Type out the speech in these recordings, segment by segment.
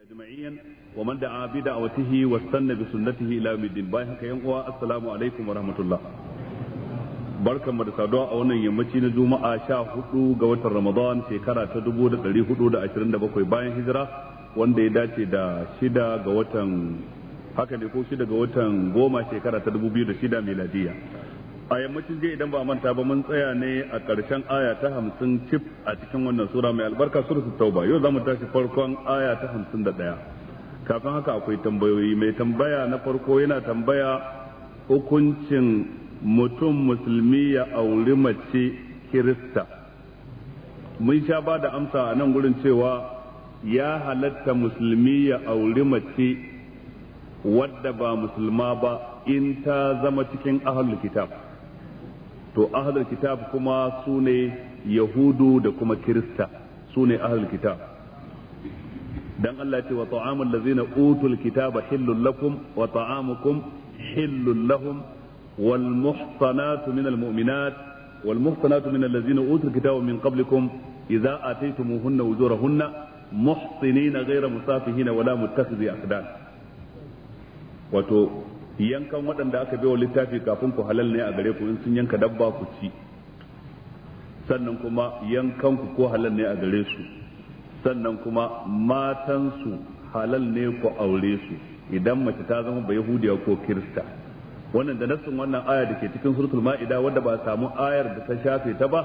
أجمعيا ومن دعا بدعوته واستنى بسنته إلى يوم الدين باي هكا uwa السلام عليكم ورحمة الله barkan mu da saduwa a wannan yammaci na juma'a sha hudu ga watan ramadan shekara ta dubu da dari hudu da ashirin da bakwai bayan hijira wanda ya dace da shida ga watan haka ne ko shida ga watan goma shekara ta dubu biyu da shida a yammacin jiya idan ba manta ba mun tsaya ne a ƙarshen aya ta hamsin cif a cikin wannan sura mai albarka su tauba yau za mu tashi farkon aya ta hamsin da ɗaya kafin haka akwai tambayoyi mai tambaya na farko yana tambaya hukuncin mutum musulmi ya auri mace kirista mun sha ba da amsa a nan gurin cewa ya halatta musulmi ya auri mace wadda ba musulma ba in ta zama cikin ahlul kitab to ahlul kitab kuma su ne yahudu da kuma kirista su ne ahlul kitab dan Allah ce wa ta'amul ladzina utul kitaba hillul lakum wa ta'amukum hillul lahum wal muhsanatu minal mu'minat wal muhsanatu minal ladzina utul kitaba min qablikum idza ataytumuhunna ujurahunna muhsinina ghayra musafihin wala muttakhidhi aqdan wato yankan waɗanda aka bewa littafi kafin ku halal ne a gare ku in sun yanka dabba ku ci sannan kuma yankan ku ko halal ne a gare su sannan kuma matansu halal ne ku aure su idan mace ta zama ba yahudiya ko kirista wannan da nassin wannan aya da ke cikin suratul ma'ida wadda ba samu ayar da ta shafe ta ba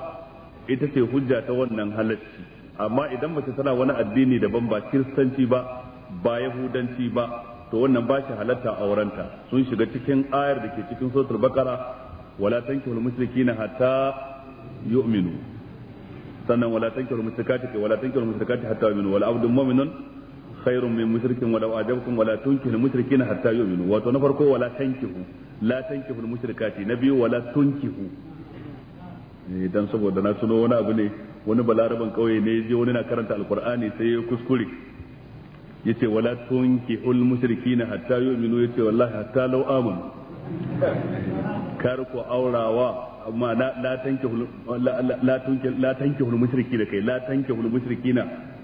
ita ce hujja ta wannan halacci amma idan mace tana wani addini daban ba kiristanci ba ba yahudanci ba to wannan ba shi halatta aurenta sun shiga cikin ayar da ke cikin suratul baqara wala tankihul mushrikina hatta yu'minu sannan wala tankihul ke wala tankihul mushrikati hatta yu'minu wala abdun mu'minun khairun min mushrikin wala ajabkum wala tunkihul mushrikina hatta yu'minu wato na farko wala tankihu la tankihul mushrikati na biyu wala tunkihu idan eh, saboda na suno wani abu ne wani balaraban kauye ne je wani na karanta alqur'ani sai ya kuskure yace wala ul mushrikina hatta yu'minu yace wallahi hatta law amanu kar ku aurawa amma la tanki la tunki la tankihul da kai la ul mushrikina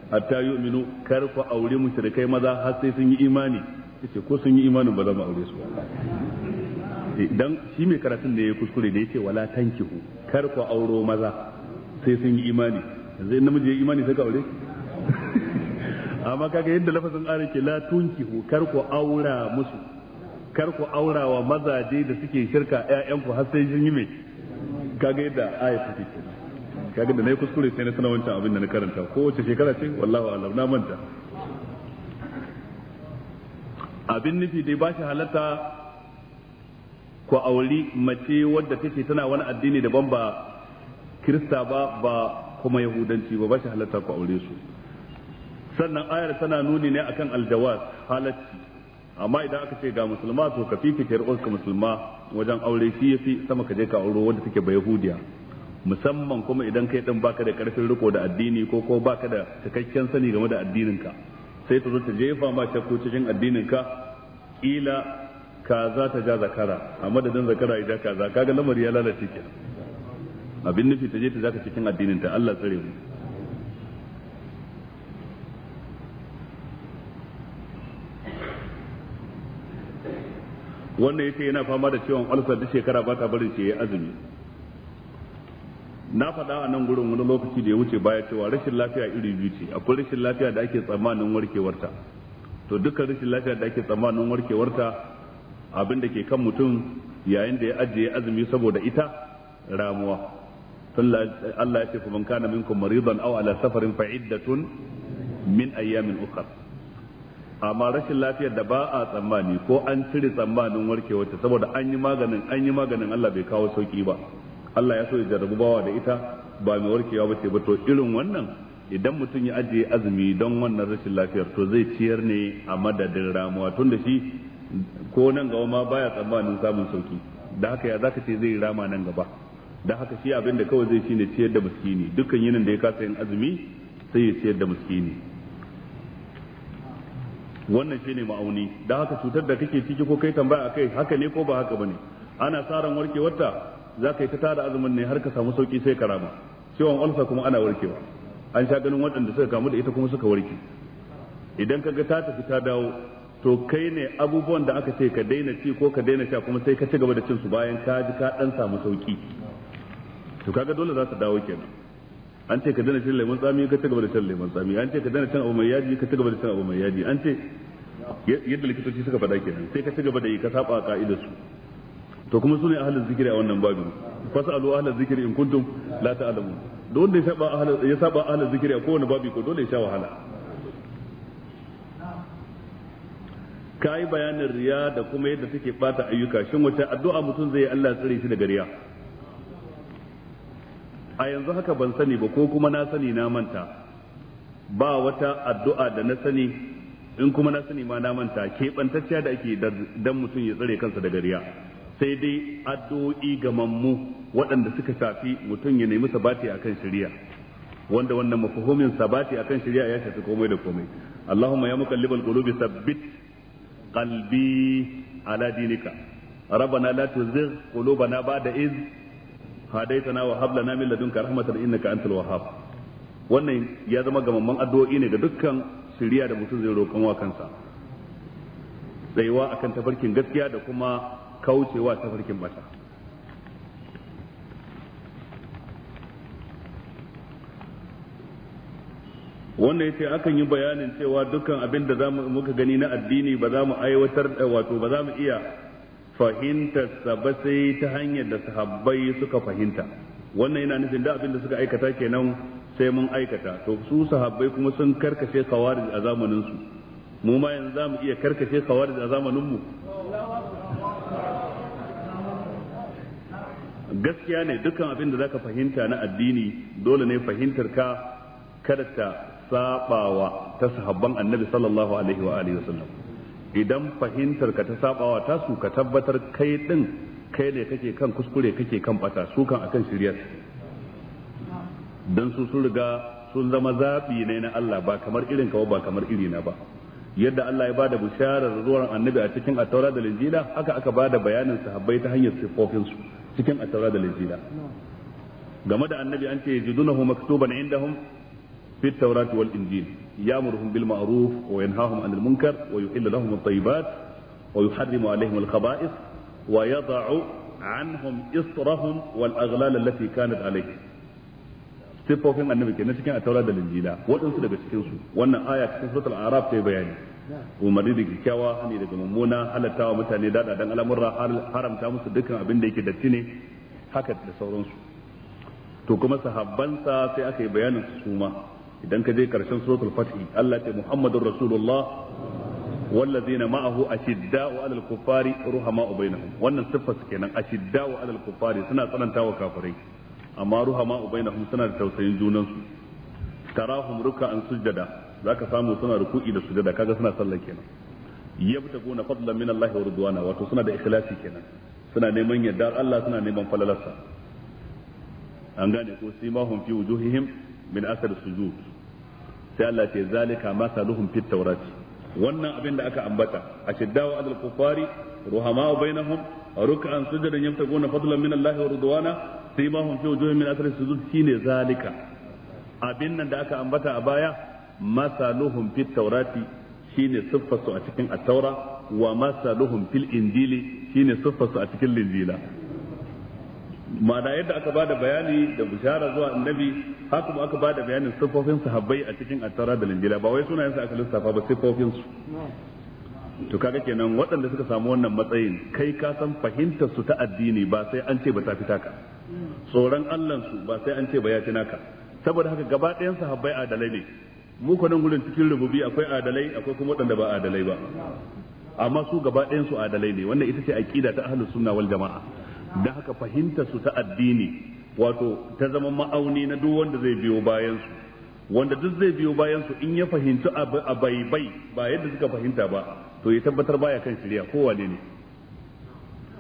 hatta yu'minu kar ku aure mushrikai maza har sai sun yi imani yace ko sun yi imanin ba za mu aure su eh, dan shi mai karatun da ya kuskure da yace wala tankihu kar ku auro maza sai sun yi imani yanzu in namiji ya imani sai ka aure amma kaga yadda lafazin ayar ke la tunkihu kar ku aura musu kar ku aura wa mazaje da suke shirka ƴaƴan ku har sai sun yi me kaga yadda ayar take kaga da nayi kuskure sai na sanar wancan abin da na karanta ko wace shekara ce wallahi alam na manta abin nufi dai ba shi halatta ku auri mace wadda take tana wani addini daban ba kirista ba ba kuma yahudanci ba ba shi halatta ku aure su sannan ayar tana nuni ne akan aljawaz halacci amma idan aka ce ga musulma to ka fifita ka musulma wajen aure shi yafi sama ka je ka auro wanda take ba yahudiya musamman kuma idan kai din baka da karfin riko da addini ko ko baka da cikakken sani game da addinin ka sai ta zo ta jefa ma ko cikin addininka ka za ta ja zakara a madadin zakara idan kaga lamari ya lalace abin nufi ta je ta zaka cikin addinin ta Allah tsare mu wannan ce yana fama da ciwon ulcer duk shekara ba ta barin shi yayi azumi na faɗa a nan gurin wani lokaci da ya wuce baya cewa rashin lafiya iri biyu ce akwai rashin lafiya da ake tsammanin warkewarta to dukkan rashin lafiya da ake tsammanin warkewarta abin da ke kan mutum yayin da ya ajiye azumi saboda ita ramuwa Allah ya ce fa man kana minkum maridan aw ala safarin fa iddatun min ayyamin ukhra amma rashin lafiyar da ba a tsammani ko an cire tsammanin warkewa ta saboda an yi maganin an yi maganin Allah bai kawo sauki ba Allah ya so ya jarrabu bawa da ita ba mai warkewa ba ce ba to irin wannan idan mutum ya ajiye azumi don wannan rashin lafiyar to zai ciyar ne a madadin ramuwa tun da shi ko nan gaba ma baya tsammanin samun sauki da haka ya zaka ce zai rama nan gaba da haka shi abin da kawai zai shine ciyar da miskini dukkan yinin da ya kasa yin azumi sai ya ciyar da miskini wannan shi ne ma'auni da haka cutar da kake ciki ko kai tambaya kai haka ne ko ba haka bane ana saran warkewarta za ka yi ta tada azumin ne har ka samu sauki sai ka rama ciwon ulsa kuma ana warkewa an sha ganin waɗanda suka kamu da ita kuma suka warke idan ka ga ta tafi ta dawo to kai ne abubuwan da aka ce ka daina ci ko ka daina sha kuma sai ka ci gaba da cin su bayan ka ji ka dan samu sauki to kaga dole za ta dawo kenan an ce ka dana shan lemon tsami ka cigaba da shan lemon tsami an ce ka dana shan abu mai yaji ka cigaba da shan abu mai yaji an ce yadda likitoci suka faɗa kenan sai ka cigaba da yi ka saba ka'idar su to kuma sune ahlul zikiri a wannan babin fasalu ahlul zikiri in kuntum la ta'lamun da wanda ya saba ahlul ya saba ahlul zikiri a kowane babu ko dole ya sha wahala kai bayanin riya da kuma yadda take bata ayyuka shin wata addu'a mutum zai Allah tsare shi daga riya a yanzu haka ban sani ba ko kuma na sani na manta ba wata addu'a da na sani in kuma na sani ma na manta keɓantacciya da ake dan mutum ya tsare kansa daga riya sai dai addu'o'i ga mammu waɗanda suka shafi mutum ya nemi sabati akan shari'a wanda wannan mafahumin sabati akan shari'a ya shafi komai da komai Allahumma ya muqallibal qulubi sabbit qalbi ala dinika ربنا لا تزغ قلوبنا بعد إذ hadaitana wa Habla lana min ladunka rahmatan innaka antal wahhab wannan ya zama gamamman addu'o'i ne ga dukkan shiriya da mutum zai roƙon wa kansa tsayuwa akan tafarkin gaskiya da kuma kaucewa tafarkin bata wannan yace akan yi bayanin cewa dukkan abin da zamu muka gani na addini ba za mu aiwatar wato ba za mu iya Fahimtar ba sai ta hanyar da sahabbai suka fahimta wannan yana nufin da abin da suka aikata kenan sai mun aikata to su sahabbai kuma sun karkashe khawarij a zamanin su mu ma yanzu za mu iya karkashe khawarij a zamanin mu gaskiya ne dukkan abin da zaka fahimta na addini dole ne fahimtar ka kada ta sabawa ta sahabban annabi sallallahu alaihi wa alihi wasallam idan fahimtar ka ta sabawa ta su ka tabbatar kai din kai ne kake kan kuskure kake kan bata su kan akan shiryar dan su sun riga sun zama zabi ne na Allah ba kamar irin ka ba kamar iri na ba yadda Allah ya bada bisharar zuwan annabi a cikin attaura da linjila haka aka bada bayanin sahabbai ta hanyar sifofin su cikin attaura da linjila game da annabi an ce yajidunahu maktuban indahum fit tawrat wal injil يامرهم بالمعروف وينهاهم عن المنكر ويحل لهم الطيبات ويحرم عليهم الخبائث ويضع عنهم إصرهم والأغلال التي كانت عليهم siffofin annabi kenan cikin ataura da linjila waɗansu daga cikinsu wannan aya cikin suratul arab ta bayani umarni da kyakkyawa hani daga mummuna wa mutane dada dan al'amurra haramta musu dukkan abin da yake datti ne haka da sauransu to kuma sahabbansa sai aka yi bayanin su suma idan ka je karshen suratul fath Allah ce Muhammadur Rasulullah والذين معه أشداء على الكفار رحماء بينهم wannan siffa su kenan ashidda wa alal kuffari suna tsananta wa kafirai amma ruhama ubainahum suna da tausayin junan su tarahum ruk'an sujada zaka samu suna ruku'i da sujada kaga suna sallah kenan yabtaguna fadlan min Allah wa ridwana wato suna da ikhlasi kenan suna neman yardar Allah suna neman falalarsa an gane ko simahum fi wujuhihim min asar sujud sai Allah ce zalika masaluhum fit tawrati wannan abin da aka ambata a ashiddaw adal kufari ruhama bainahum ruk'an sujadan yamtaguna fadlan min Allah wa ridwana simahum fi wujuhihim min athari sujud shine zalika abin nan da aka ambata a baya masaluhum fit tawrati shine siffarsu a cikin at-taura wa masaluhum fil injili shine siffarsu a cikin linjila ma'ana yadda aka bada bayani da bishara zuwa annabi haka aka bada bayanin siffofin sahabbai a cikin attara da linjila ba wai sunayen su aka lissafa ba siffofin su to kaga kenan waɗanda suka samu wannan matsayin kai ka san fahimtar su ta addini ba sai an ce ba ta fitaka tsoron Allah su ba sai an ce ba ya tinaka saboda haka gaba ɗayan sahabbai adalai ne mu kwanan gurin cikin rububi akwai adalai akwai kuma waɗanda ba adalai ba amma su gaba ɗayan su adalai ne wannan ita ce aqida ta ahlus sunna wal jama'a da haka fahimta su ta addini wato ta zama ma'auni na duk wanda zai biyo bayan su wanda duk zai biyo bayan in ya fahimci a baibai ba yadda suka fahimta ba to ya tabbatar baya kan shirya ko wane ne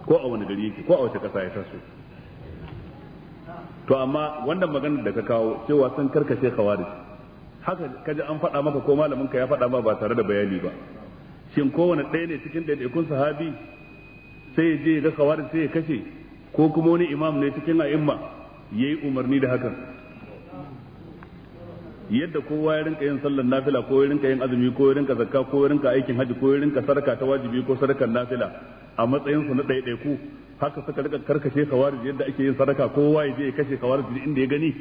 ko a wani gari yake ko a wata kasa ya taso to amma wanda magana da ka kawo cewa sun karkace kawari haka kaji an faɗa maka ko malamin ka ya faɗa ma ba tare da bayani ba shin kowane ɗaya ne cikin ɗaiɗaikun sahabi sai ya je ga kawari sai ya kashe ko kuma wani imam ne cikin a'imma yi umarni da hakan yadda kowa ya rinka yin sallar nafila ko ya rinka yin azumi ko ya rinka zakka ko ya rinka aikin haji ko ya rinka sarka ta wajibi ko sarkar nafila a matsayin su na ɗaiɗaiku haka suka rika karkashe kawarij yadda ake yin sadaka kowa ya je ya kashe kawarij inda ya gani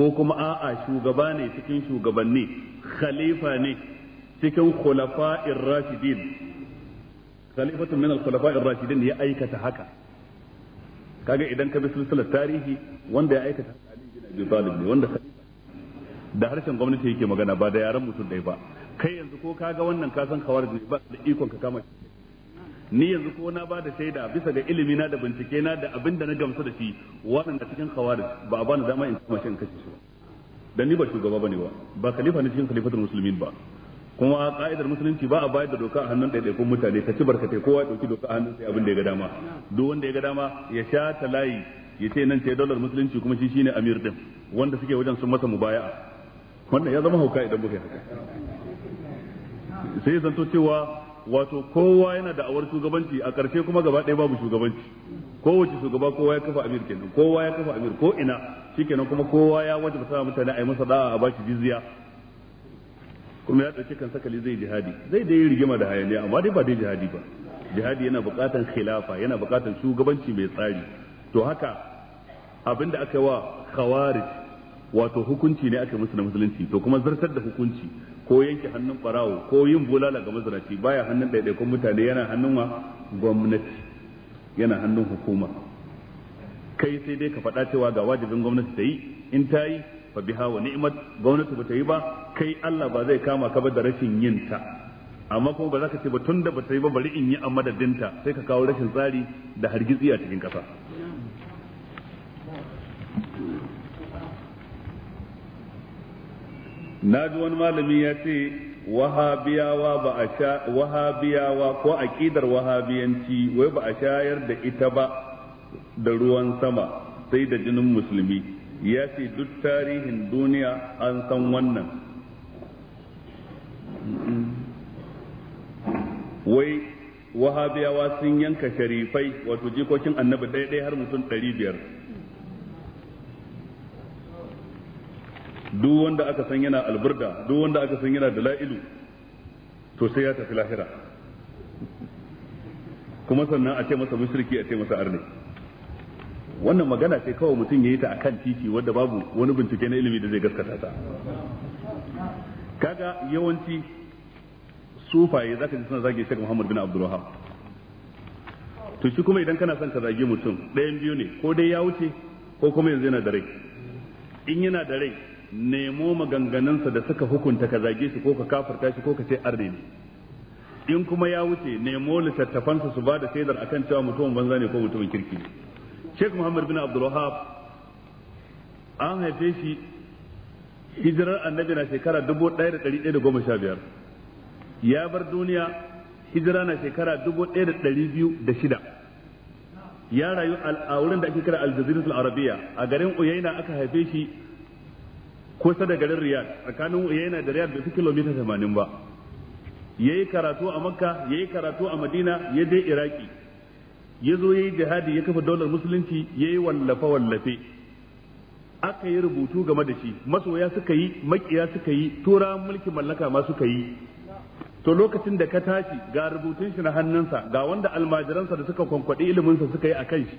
ko kuma a'a shugaba ne cikin shugabanni khalifa ne cikin khulafa'ir rashidin khalifatun min al-khulafa'ir rashidin ya aikata haka kaga idan ka bi silsilar tarihi wanda ya aikata Ali bin Abi ne wanda da harshen gwamnati yake magana ba da yaran mutum dai ba kai yanzu ko kaga wannan ka san kawar ba da ikon ka kama ni yanzu ko na bada shaida bisa ga ilimi na da bincike na da abin da na gamsu da shi wannan da cikin kawar ba a bani dama in kuma shi in kashe shi ba dan ni ba shugaba bane ba ba khalifa ne cikin khalifatul muslimin ba kuma ka'idar musulunci ba a bayar da doka a hannun ɗaiɗaikun mutane ta ci barkatai kowa ya ɗauki doka a hannun sai abin da ya ga dama duk wanda ya ga dama ya sha ta layi ya ce nan ce dalar musulunci kuma shi shine amir din wanda suke wajen sun masa mubaya'a wannan ya zama hauka idan muka yi haka sai ya zanto cewa wato kowa yana da awar shugabanci a ƙarshe kuma gaba ɗaya babu shugabanci kowace shugaba kowa ya kafa amir kenan kowa ya kafa amir ko ina shikenan kuma kowa ya wajaba sa mutane a yi masa da'a a bashi jizya kuma ya dauki kan sakali zai jihadi zai da rigima da hayaniya amma dai ba dai jihadi ba jihadi yana bukatan khilafa yana bukatan shugabanci mai tsari to haka abin da aka yi wa khawarij wato hukunci ne aka musu na musulunci to kuma zartar da hukunci ko yanke hannun barawo ko yin bulala ga mazaraci baya hannun ɗaiɗaikun mutane yana hannun wa gwamnati yana hannun hukuma kai sai dai ka faɗa cewa ga wajibin gwamnati ta yi in ta yi fa biha wa ni'mat gwamnati ba ta yi ba kai Allah ba zai kama ka ba da rashin yin ta amma kuma ba za ka ce ba tunda ba ta yi ba bari in yi a madadinta sai ka kawo rashin tsari da hargitsi a cikin ƙasa na ji wani malami ya ce wahabiyawa ba a sha wahabiyawa ko aqidar wahabiyanci wai ba a shayar da ita ba da ruwan sama sai da jinin musulmi ya ce duk tarihin duniya an san wannan wai wahabiyawa sun yanka sharifai wato jikokin annabi ɗaya ɗaya har mutum ɗari biyar duk wanda aka san yana alburda duk wanda aka san yana da la'ilu to sai ya tafi lahira kuma sannan a ce masa mushriki a ce masa arne wannan magana sai kawai mutum ya yi ta a kan titi wadda babu wani bincike na ilimi da zai gaskata ta kaga yawanci sufaye zaka ji suna zage Sheikh Muhammad bin Abdul Wahhab to shi kuma idan kana son ka zage mutum ɗayan biyu ne ko dai ya wuce ko kuma yanzu yana da rai in yana da rai nemo maganganunsa da suka hukunta ka zage shi ko ka kafarta shi ko ka ce arne ne in kuma ya wuce nemo littattafansa su ba da shaidar akan cewa mutumin banza ne ko mutumin kirki Sheikh Muhammad bin Abdul Wahhab an haife shi hijirar annabi na shekara 1115 ya bar duniya hijira na shekara da da ɗari biyu shida ya rayu a wurin da ake kira aljaziratul arabiya a garin uyaina aka haife shi kusa da garin riyad tsakanin uyaina da riyad bai fi kilomita 80 ba Ya yi karatu a makka ya yi karatu a madina ya dai iraki ya zo ya yi jihadi ya kafa daular musulunci ya yi wallafe wallafe aka yi rubutu game da shi masoya suka yi makiya suka yi tura mulkin mallaka ma suka yi to lokacin da ka tashi ga rubutun shi na hannunsa ga wanda almajiransa da suka kwankwaɗi iliminsa suka yi a kan shi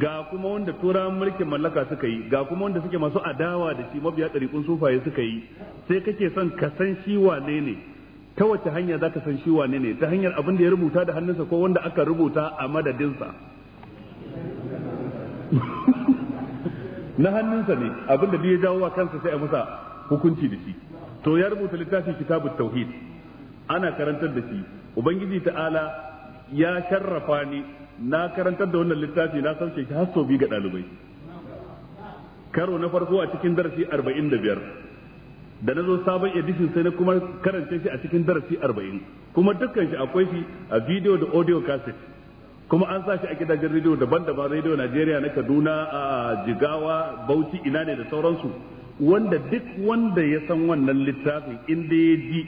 ga kuma wanda turawan mulkin mallaka suka yi ga kuma wanda suke masu adawa da shi mabiya ɗariƙun sufaye suka yi sai kake son ka san shi wane ne ta wace hanya za ka san shi wane ne ta hanyar abin da ya rubuta da hannunsa ko wanda aka rubuta a madadinsa na hannunsa ne abin da ya jawo wa kansa sai a masa hukunci da shi to ya rubuta littafin kitabut tauhid ana karantar da shi ubangiji ta'ala ya sharrafa ni na karantar da wannan littafi na sauke shi har sau biyu ga ɗalibai karo na farko a cikin darasi arba'in da biyar da nazo sabon edition sai na kuma karance shi a cikin darasi arba'in kuma dukkan shi akwai shi a video da audio cassette kuma an sa shi a gidajen rediyo daban-daban rediyo najeriya na kaduna a jigawa bauchi ina ne da sauransu wanda duk wanda ya san wannan littafin inda ya ji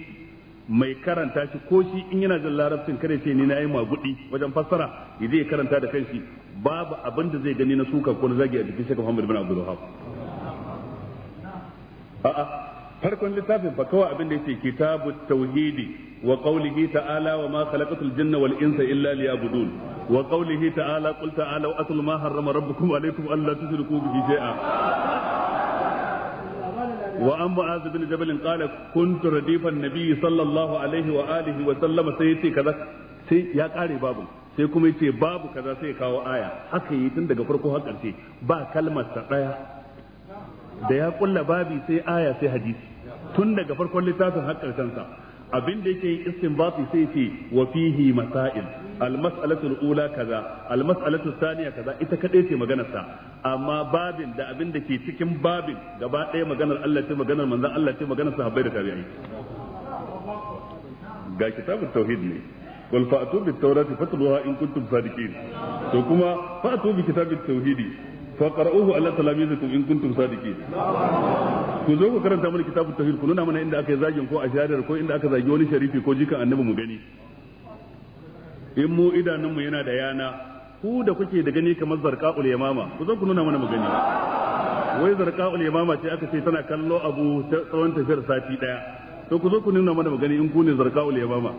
mai karanta shi ko shi in yana jin larabcin kare ce ni na yi magudi wajen fassara ya zai karanta da kanshi babu abin da zai gani na suka ko na zagi a jikin shekaru Muhammad bin Abdul a'a farkon littafin fa kawai abin da yake kitabu tauhidi wa qawlihi ta'ala wa ma khalaqatul janna wal insa illa liya'budun wa qawlihi ta'ala qul ta'alu atlu ma harrama rabbukum alaykum alla tushriku bihi shay'a wa an mu'az bin jabal qala kuntu radifan nabiy sallallahu alaihi wa alihi wa sallama sai ya kare babu sai kuma yace babu kaza sai ya kawo aya haka yi tun daga farko har ba kalmar ɗaya da ya kulla babi sai aya sai hadisi tun daga farkon littafin har sa abin da yake yin istinbati sai ce wa fihi masail almas'alatu al-ula kaza almas'alatu thaniya kaza ita kadai ce maganar sa amma babin da abin da ke cikin babin gaba ɗaya maganar Allah ce maganar manzon Allah ce maganar sahabbai da tabi'ai ga kitabut tauhid ne wal fa'tu bit tawrati fatluha in kuntum sadiqin to kuma fa'tu bi kitabit tauhidi فقرؤوه على تلاميذكم ان كنتم صادقين sadiqin ku zo ku karanta mana kitabut tauhid ku nuna mana inda aka yi zagin ko a shahadar ko inda aka zagi wani sharifi ko jikan annabi mu gani in mu idanunmu yana da yana ku da kuke da gani kamar zarqa'ul yamama ku zo ku nuna mana mu gani wai zarqa'ul yamama ce aka ce tana kallo abu tsawon tafiyar sati daya to ku zo ku nuna mana mu gani in ku ne zarqa'ul yamama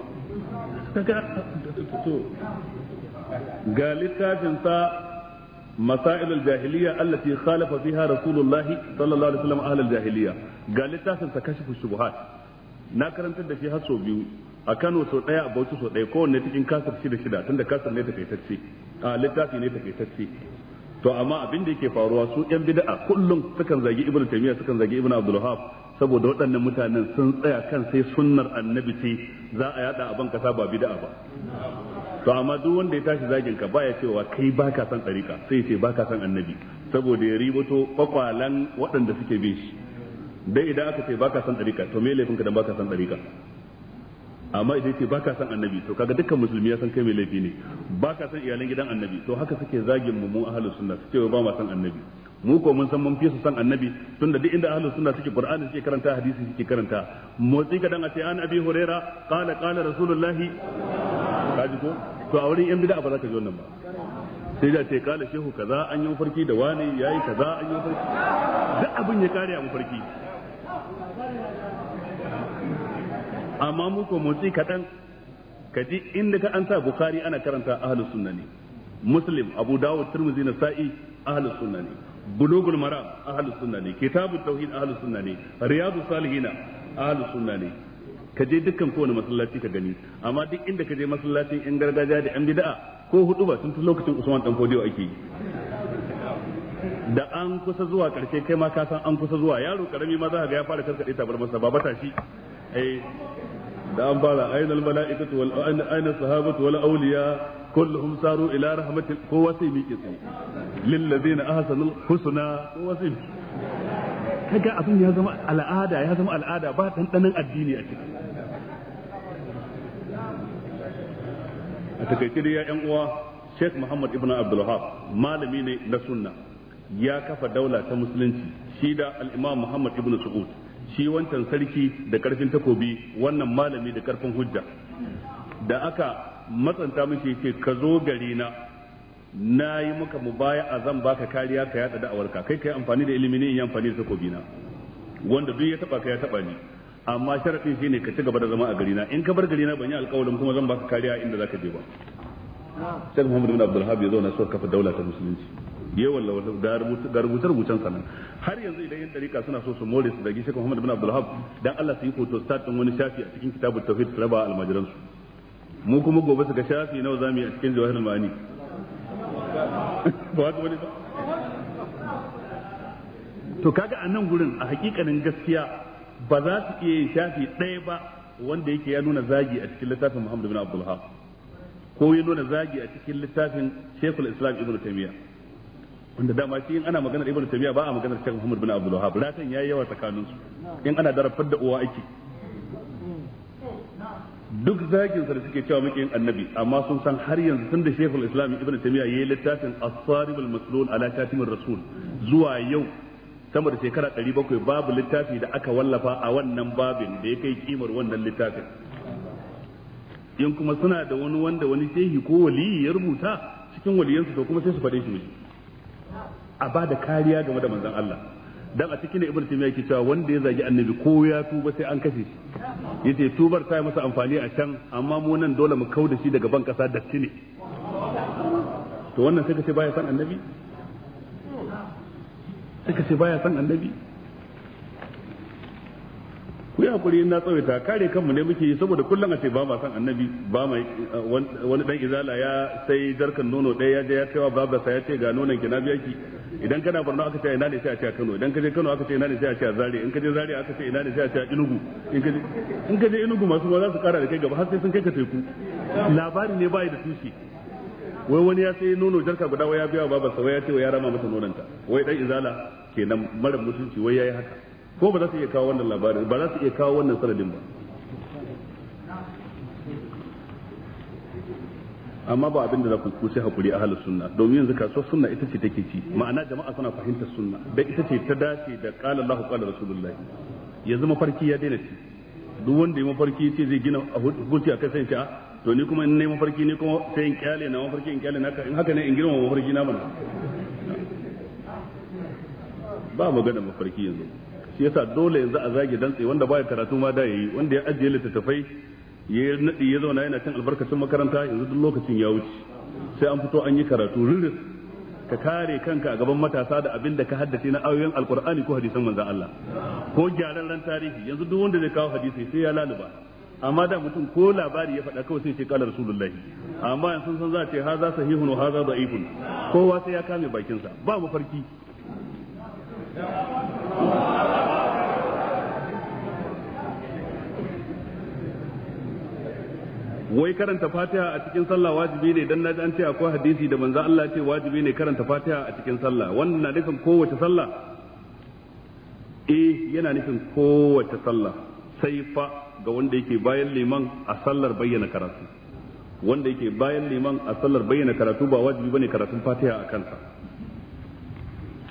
kaga to ga littafin sa مسائل الجاهلية Allah خالف فيها رسول الله صلى الله عليه وسلم أهل الجاهلية قال لتاسن كشف الشبهات na karantar da shi har sau biyu a Kano sau ɗaya a Bauchi sau ɗaya kowanne cikin kasar shida shida tunda kasar ne takaitacce a littafi ne takaitacce to amma abin da yake faruwa su yan bid'a kullum sukan zagi Ibn Taymiyyah sukan zagi Ibn Abdul saboda waɗannan mutanen sun tsaya kan sai sunnar annabi ce za a yada a ban kasa ba bid'a ba to amma duk wanda ya tashi zagin ka baya cewa kai baka san tsarika sai ya ce baka san annabi saboda ya ribato kwakwalan waɗanda suke bin shi dai idan aka ce baka san tsarika to me laifin ka dan baka san tsarika amma idan ce baka san annabi to kaga dukkan musulmi ya san kai mai laifi ne baka san iyalan gidan annabi to haka suke zagin mu mu ahlus sunna su ce ba ma san annabi mu ko mun san mun fi su san annabi tunda duk inda ahlus sunna suke qur'ani suke karanta hadisi suke karanta motsi kadan a ce an abi hurairah qala qala rasulullahi kaji ko to a wurin yan bid'a ba za ka ji wannan ba sai da ce kala shehu kaza an yi mafarki da wani ya ka kaza an yi mafarki duk abin ya kare a mafarki amma mu ko motsi kaɗan ka ji inda ka an sa bukari ana karanta ahalus sunna ne muslim abu dawud tirmidhi sa'i ahlus sunna ne bulugul maram ahalus sunna ne kitabut tauhid ahalus sunna ne riyadus salihin ahlus sunna ne ka je dukkan kowane masallaci ka gani amma duk inda ka je masallacin yan gargajiya da yan bid'a ko hudu ba sun fi lokacin Usman dan Fodiyo ake yi da an kusa zuwa karshe kai ma ka san an kusa zuwa yaro karami ma za ka ga ya fara karkade tabar masa ba bata shi eh da an fara ainal mala'ikatu wal aina sahabatu wal awliya kulluhum saru ila rahmatil kowa sai miƙe sai lil ladina ahsanul husna kowa sai kaga abin ya zama al'ada ya zama al'ada ba dandanan addini a ciki a takaice da yan uwa Sheikh Muhammad ibn Abdul Wahab malami ne na sunna ya kafa daula ta musulunci shi da al-Imam Muhammad ibn Saud shi wancan sarki da karfin takobi wannan malami da karfin hujja da aka matsanta mishi yace ka zo gari na na yi maka mubaya a zan baka kariya ka yada da'awarka kai kai amfani da ilimi ne in yi amfani da takobi na wanda duk ya taba ka ya taba ni amma shi shine ka ci gaba da zama a gari na in ka bar gari na ban yi alƙawarin kuma zan baka kariya inda zaka je ba Sheikh Muhammad bin Abdul Habib zauna so kafa daula ta musulunci ya walla ga rubuce rubucen sa har yanzu idan yan dariƙa suna so su more su da Sheikh Muhammad bin Abdul Habib dan Allah su yi photo start din wani shafi a cikin kitabut tauhid su raba almajiran su mu kuma gobe su ga shafi nawa mu yi a cikin al ma'ani ba haka wani ba to kaga a nan gurin a hakikanin gaskiya ba za su iya yin shafi ɗaya ba wanda yake ya nuna zagi a cikin littafin Muhammad bin Abdul Wahhab ko ya nuna zagi a cikin littafin Sheikhul Islam Ibn Taymiyyah wanda dama shi in ana maganar Ibn Taymiyyah ba a maganar Sheikh Muhammad bin Abdul Wahhab ratan yayi yawa tsakanin su in ana darafar da uwa ake duk zagin sa da suke cewa muke yin annabi amma sun san har yanzu tunda Sheikhul Islam Ibn Taymiyyah yayi littafin As-Sarib al-Maslul ala Katim rasul zuwa yau sama da shekara 700 babu littafi da aka wallafa a wannan babin da ya kai kimar wannan littafin in kuma suna da wani wanda wani shehi ko waliyi ya rubuta cikin waliyansu to kuma sai su faɗe shi miji a ba da kariya game da manzan Allah dan a cikin ibnu taymiya yake cewa wanda ya zagi annabi ko ya tuba sai an kashe shi yace tubar ta yi masa amfani a can amma mu nan dole mu kauda shi daga ban kasa datti ne to wannan sai ka ce baya san annabi suka ce baya son annabi ku yi hakuri na tsawaita kare kanmu ne muke yi saboda kullum a ce ba ma san annabi ba ma wani dan izala ya sai jarkan nono ɗaya ya je ya kaiwa baba sa ya ce ga nonon ki na biya ki idan kana barno aka ce ina ne sai a ce a Kano idan ka je Kano aka ce ina ne sai a ce a zare in ka je zare aka ce ina ne sai a ce a Inugu in ka je in ka je masu ma za su kara da kai gaba har sai sun kai ka teku labari ne bai da tushe wai wani ya sai nono jarka guda wai ya biya babansa wai ya ce wai ya rama masa nonanta wai dan izala kenan mara mutunci wai yayi haka ko ba za su iya kawo wannan labarin ba za su iya kawo wannan sanadin ba amma ba abin da za ku sai hakuri a halin sunna domin yanzu so sunna ita ce take ci ma'ana jama'a suna fahimtar sunna dai ita ce ta dace da qala Allah qala rasulullahi yanzu mafarki ya daina ci duk wanda ya mafarki ce zai gina a hukunci akai sai ce a ah, to ni kuma in nayi mafarki ni kuma sai in kyale na mafarki in kyale naka in haka ne in girma mafarki na mana ba magana mafarki yanzu shi yasa dole yanzu a zage dantse wanda baya karatu ma da yayi wanda ya ajiye littattafai ya nadi ya zauna yana cin albarkacin makaranta yanzu duk lokacin ya wuce sai an fito an yi karatu ririn ka kare kanka a gaban matasa da abin da ka haddace na ayoyin alkur'ani ko hadisan manzon Allah ko gyaran ran tarihi yanzu duk wanda zai kawo hadisi sai ya laluba amma da mutum ko labari ya faɗa kawai sai ce kala rasulullahi amma yanzu san za a ce haza sahihun wa haza da'ifun kowa sai ya kame bakinsa ba farki wai karanta fatiha a cikin sallah wajibi ne dan naji an ce akwai hadisi da manzo Allah ce wajibi ne karanta fatiha a cikin sallah wannan na nufin kowace sallah eh yana nufin kowace sallah sai fa ga wanda yake bayan liman a sallar bayyana karatu wanda yake bayan liman a sallar bayyana karatu ba wajibi bane karatun fatiha a kansa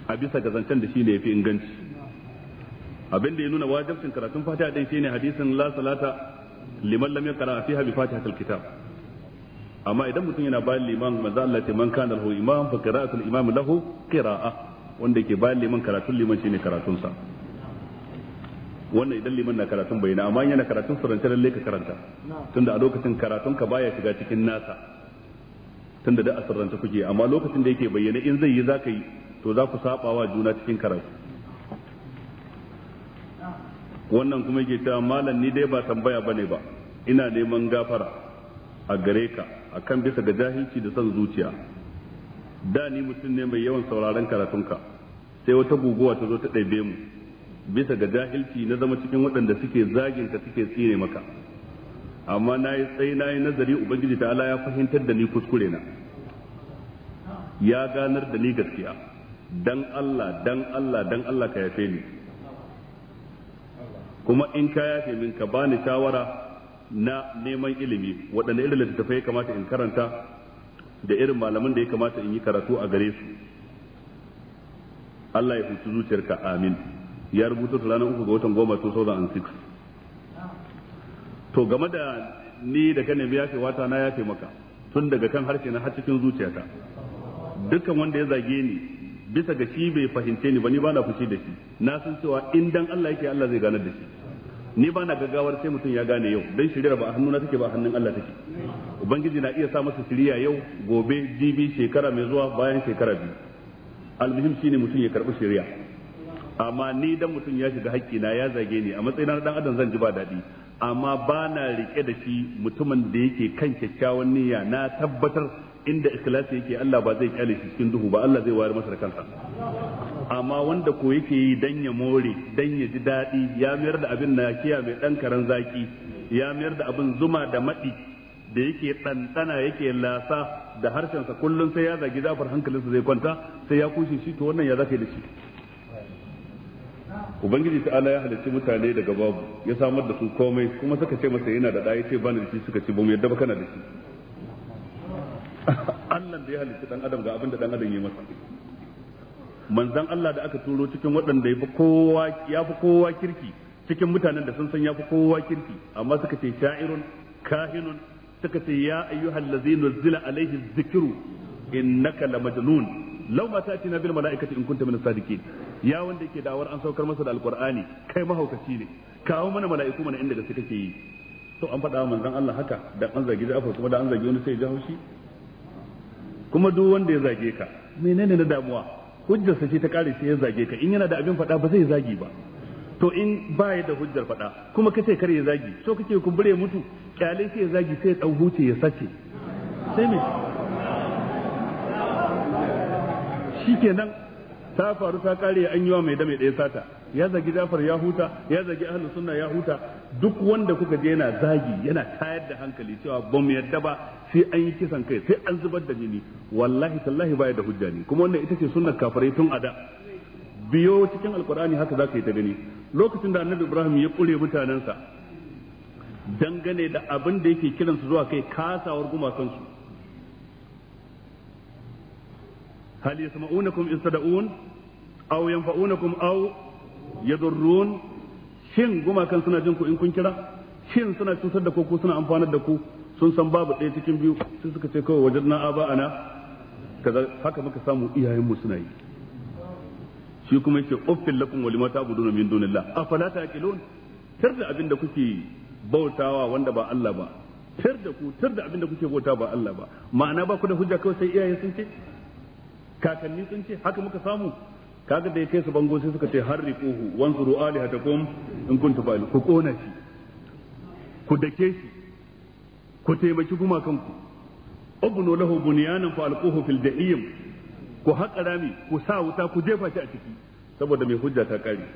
a bisa ga zancen da shine yafi inganci abin da ya nuna wajibcin karatun fatiha dai shine hadisin la salata liman lam yaqra fiha bi fatiha kitab amma idan mutum yana bayan liman manzo Allah ta man kana lahu imam fa qira'atul imam lahu qira'a wanda yake bayan liman karatun liman shine karatun sa wannan idan liman na karatun bayyana amma yana karatun surance lalle ka karanta tunda a lokacin karatun ka baya shiga cikin nasa tunda da a kuke amma lokacin da yake bayyana in zai yi zaka yi to za ku saba wa juna cikin karatu wannan kuma yake ta malam ni dai ba tambaya bane ba ina neman gafara a gare ka akan bisa ga jahilci da son zuciya da ni mutum ne mai yawan sauraron karatunka sai wata guguwa ta zo ta ɗaibe mu bisa ga jahilci na zama cikin waɗanda suke zagin ka suke tsire maka amma na yi tsaye na yi nazari ubangiji ta ala ya fahimtar da ni kuskure na ya ganar da ni gaskiya dan Allah dan Allah dan Allah ka yafe ni kuma in ka yafe min ka bani shawara na neman ilimi waɗanda irin littattafai ya kamata in karanta da irin malaman da ya kamata in yi karatu a gare su Allah ya huci zuciyarka amin ya rubuta ta ranar uku ga watan goma to 2006 to game da ni da ka nemi yafe wata na yafe maka tun daga kan harshe na har cikin zuciyata dukkan wanda ya zage ni bisa ga shi bai fahimce ni ba ni bana fushi da shi na san cewa in dan Allah yake Allah zai ganar da shi ni bana gaggawar sai mutum ya gane yau dan shirya ba a hannuna take ba a hannun Allah take ubangiji na iya sa masa shirya yau gobe jibi shekara mai zuwa bayan shekara biyu almuhim shine mutum ya karbi shirya amma ni dan mutum ya shiga hakki na ya zage ni a matsayin na dan adam zan ji ba daɗi amma ba na rike da shi mutumin da yake kan kyakkyawan niyya na tabbatar inda ikhlasi yake Allah ba zai kyale shi cikin duhu ba Allah zai ware masa da kansa amma wanda ko yake yi dan ya more dan ya ji daɗi ya mayar da abin na kiya mai dan karan zaki ya mayar da abin zuma da maɗi da yake ɗanɗana yake lasa da harshensa kullum sai ya zagi zafar hankalinsa zai kwanta sai ya kushe shi to wannan ya zaka yi da shi ubangiji ta ala ya halicci mutane daga babu ya samar da su komai kuma suka ce masa yana da ɗaya ce bani da shi suka ce ba mu yadda ba kana da shi Allah da ya halicci dan adam ga abin da dan adam ya masa manzan Allah da aka turo cikin waɗanda ya fi kowa ya fi kowa kirki cikin mutanen da sun san ya fi kowa kirki amma suka ce sha'irun kahinun suka ce ya ayyuhal ladzi nuzila alaihi dhikru innaka lamajnun law ma ta'tina bil malaikati in kunta min as-sadiqin ya wanda yake dawar an saukar masa da alkurani kai mahaukaci ne kawo mana mala'iku mana inda gaske kake yi to an faɗa manzon Allah haka da an zagi zafa kuma da an zagi wani sai ya haushi kuma duk wanda ya zage ka menene na damuwa hujjar sa ce ta kare sai ya zage ka in yana da abin faɗa ba zai zagi ba to in ba ya da hujjar faɗa kuma kace kar ya zagi so kake kumbure mutu kyale sai ya zagi sai ya dau huce ya sace sai me shikenan ta faru ta kare an yiwa mai da mai ɗaya sata ya zagi Jafar ya huta ya zagi Ahlus Sunna ya huta duk wanda kuka je yana zagi yana tayar da hankali cewa ba mu yadda ba sai an yi kisan kai sai an zubar da jini wallahi tallahi baya da hujja ne kuma wannan ita ce sunnar kafirai tun ada biyo cikin alkur'ani haka zaka yi ta gani lokacin da annabi Ibrahim ya kure mutanensa dangane da abin da yake kiransu zuwa kai kasawar gumakansu hal yasma'unakum in tad'un aw yanfa'unakum aw yadurrun shin gumakan suna jin ku in kun kira shin suna cutar da ku ko amfanar da ku sun san babu ɗaya cikin biyu sai suka ce kawai wajen na aba ana kaza haka muka samu iyayen mu suna yi shi kuma yake uffil lakum wa lima da abin kuke bautawa wanda ba Allah ba tar da ku da abin kuke bauta ba Allah ba ma'ana ba ku da hujja kawai sai iyaye sun ce kakanni sun ce haka muka samu kaga da ya kai su bango sai suka ce harriquhu hata alihatakum in kuntum fa'il ku kona shi ku dake shi ku taimaki gumakanku ubnu lahu bunyanan fa alquhu fil da'im ku haƙa rami ku sa wuta ku jefa shi a ciki saboda mai hujja ta kare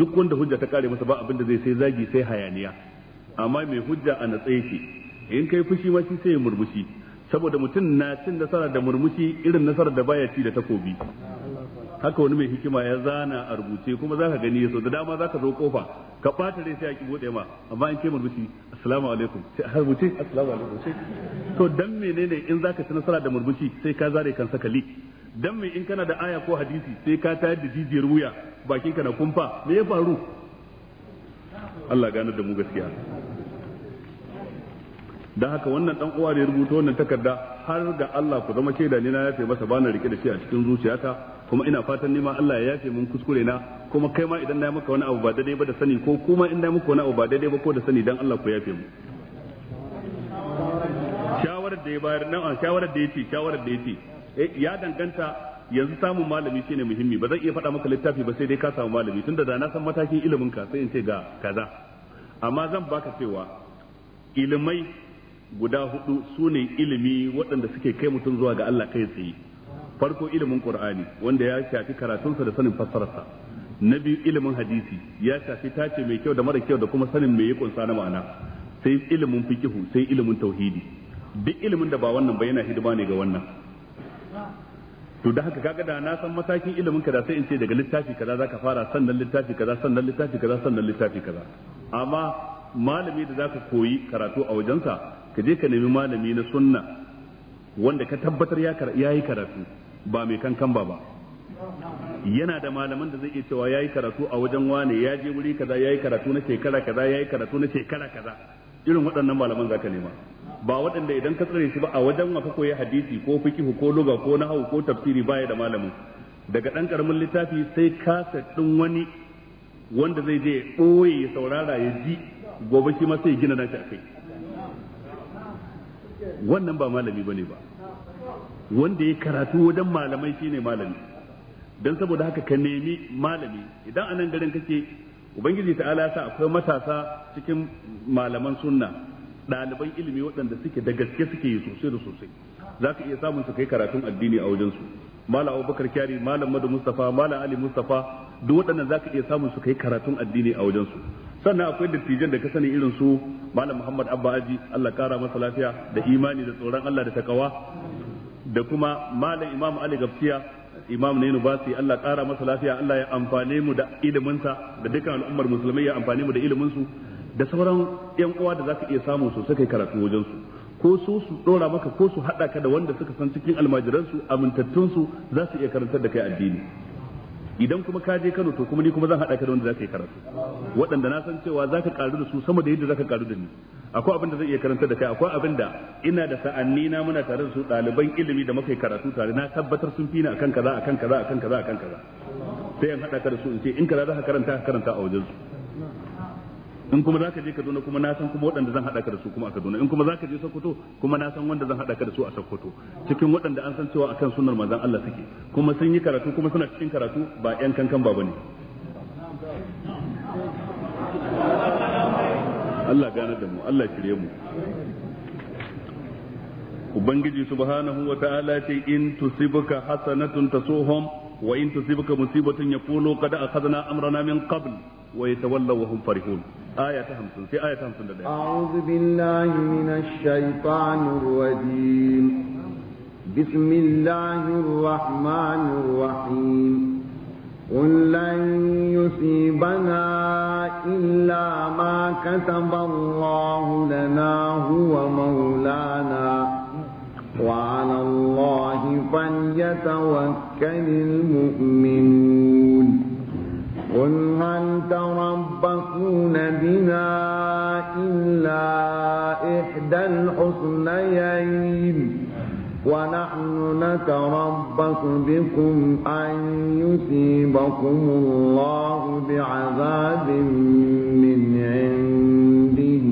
duk wanda hujja ta kare masa ba abinda zai sai zagi sai hayaniya amma mai hujja a natsaye shi in kai fushi ma shi sai ya murmushi saboda mutum na cin nasara da murmushi irin nasarar da baya ci da takobi haka wani mai hikima ya zana a rubuce kuma zaka gani yaso da dama zaka zo kofa ka bata rai sai a ki bude ma amma in ke murmushi assalamu alaikum sai a rubuce assalamu alaikum sai to dan menene in zaka ci nasara da murmushi sai ka zare kan sakali dan me in kana da aya ko hadisi sai ka tayar da jijiyar wuya bakin ka na kumfa me ya faru Allah gane da mu gaskiya don haka wannan dan uwa da ya rubuta wannan takarda har ga Allah ku zama shaida ne na yafe masa bana rike da shi a cikin zuciyata kuma ina fatan nima Allah ya yafe mun kuskure na kuma kai ma idan na yi maka wani abu ba daidai ba da sani ko kuma in na yi maka wani abu ba daidai ba ko da sani dan Allah ku yafe mu shawarar da ya bayar nan shawarar da ya ce shawarar da ya ce eh, ya danganta yanzu samun malami shine muhimmi ba zan iya faɗa maka littafi ba sai dai ka samu malami tunda da na san matakin ilimin ka sai in ce ga kaza amma zan baka cewa ilimai guda hudu su ne ilimi waɗanda suke kai mutum zuwa ga Allah kai tsaye farko ilimin qur'ani wanda ya shafi karatunsa da sanin fassararsa na biyu ilimin hadisi ya shafi tace mai kyau da mara kyau da kuma sanin mai ya sa na ma'ana sai ilimin fikihu sai ilimin tauhidi duk ilimin da ba wannan ba yana hidima ne ga wannan to da haka kaga da na san matakin ilimin ka da sai in ce daga littafi kaza zaka fara sannan littafi kaza sannan littafi kaza sannan littafi kaza amma malami da zaka koyi karatu a wajensa ka je ka nemi malami na sunna wanda ka tabbatar ya yi karatu ba mai kankan ba ba yana da malaman da zai iya cewa ya yi karatu a wajen wane ya je wuri kaza ya yi karatu na shekara kaza ya yi karatu na shekara kaza irin waɗannan malaman za ka nema ba waɗanda idan ka tsare shi ba a wajen wa ko ya hadisi ko fikihu ko luga ko nahawu ko tafsiri baya da malamin daga ɗan ƙaramin littafi sai kasa ɗin wani wanda zai je ya ɓoye ya saurara ya ji gobe shi ma sai gina nashi a kai wannan ba malami bane ba wanda ya karatu wajen malamai shine malami dan saboda haka ka nemi malami idan anan garin kake ubangiji ta'ala ya sa akwai matasa cikin malaman sunna ɗaliban ilimi waɗanda suke da gaske suke yi sosai da sosai za ka iya samun su kai karatun addini a wajen malam abubakar kyari malam madu mustafa malam ali mustafa duk waɗannan za ka iya samun su kai karatun addini a wajen su sannan akwai dattijan da ka sani irin su malam muhammad abba aji allah kara masa lafiya da imani da tsoron allah da takawa da kuma malam imam ali gafsiya imam na basi allah kara masa lafiya allah ya amfane mu da iliminsa da dukkan al'ummar musulmai ya amfane mu da iliminsu da sauran yan uwa da za ka iya samu su suka karatu wajen su ko su su dora maka ko su hada ka da wanda suka san cikin almajiransu amintattunsu za su iya karantar da kai addini idan kuma ka je Kano to kuma ni kuma zan hada ka da wanda zaka yi karatu waɗanda na san cewa zaka karu da su sama da yadda zaka karu da ni akwai abin da zai iya karanta da kai akwai abin da ina da sa'anni na muna tare da su ɗaliban ilimi da muka yi karatu tare na tabbatar sun fi ni akan kaza akan kaza akan kaza akan kaza sai an hada ka da su in ce in kaza zaka karanta ka karanta a wajen su in kuma zaka je Kaduna kuma na san kuma waɗanda zan haɗa ka da su kuma a Kaduna in kuma zaka je Sokoto kuma na san wanda zan haɗa ka da su a Sokoto cikin waɗanda an san cewa akan sunnar manzon Allah suke kuma sun yi karatu kuma suna cikin karatu ba ƴan kankan ba bane Allah gane da mu Allah shirye mu ubangiji subhanahu wa ta'ala ce in tusibuka hasanatun tasuhum wa in tusibuka musibatun yaqulu qad akhadna amrana min qabl wa yatawallaw wa hum farihun آية همسون في آية همسون أعوذ بالله من الشيطان الرجيم بسم الله الرحمن الرحيم قل لن يصيبنا إلا ما كتب الله لنا هو مولانا وعلى الله فليتوكل المؤمنون قل بنا إلا إحدى الحسنيين ونحن نتربص بكم أن يصيبكم الله بعذاب من عنده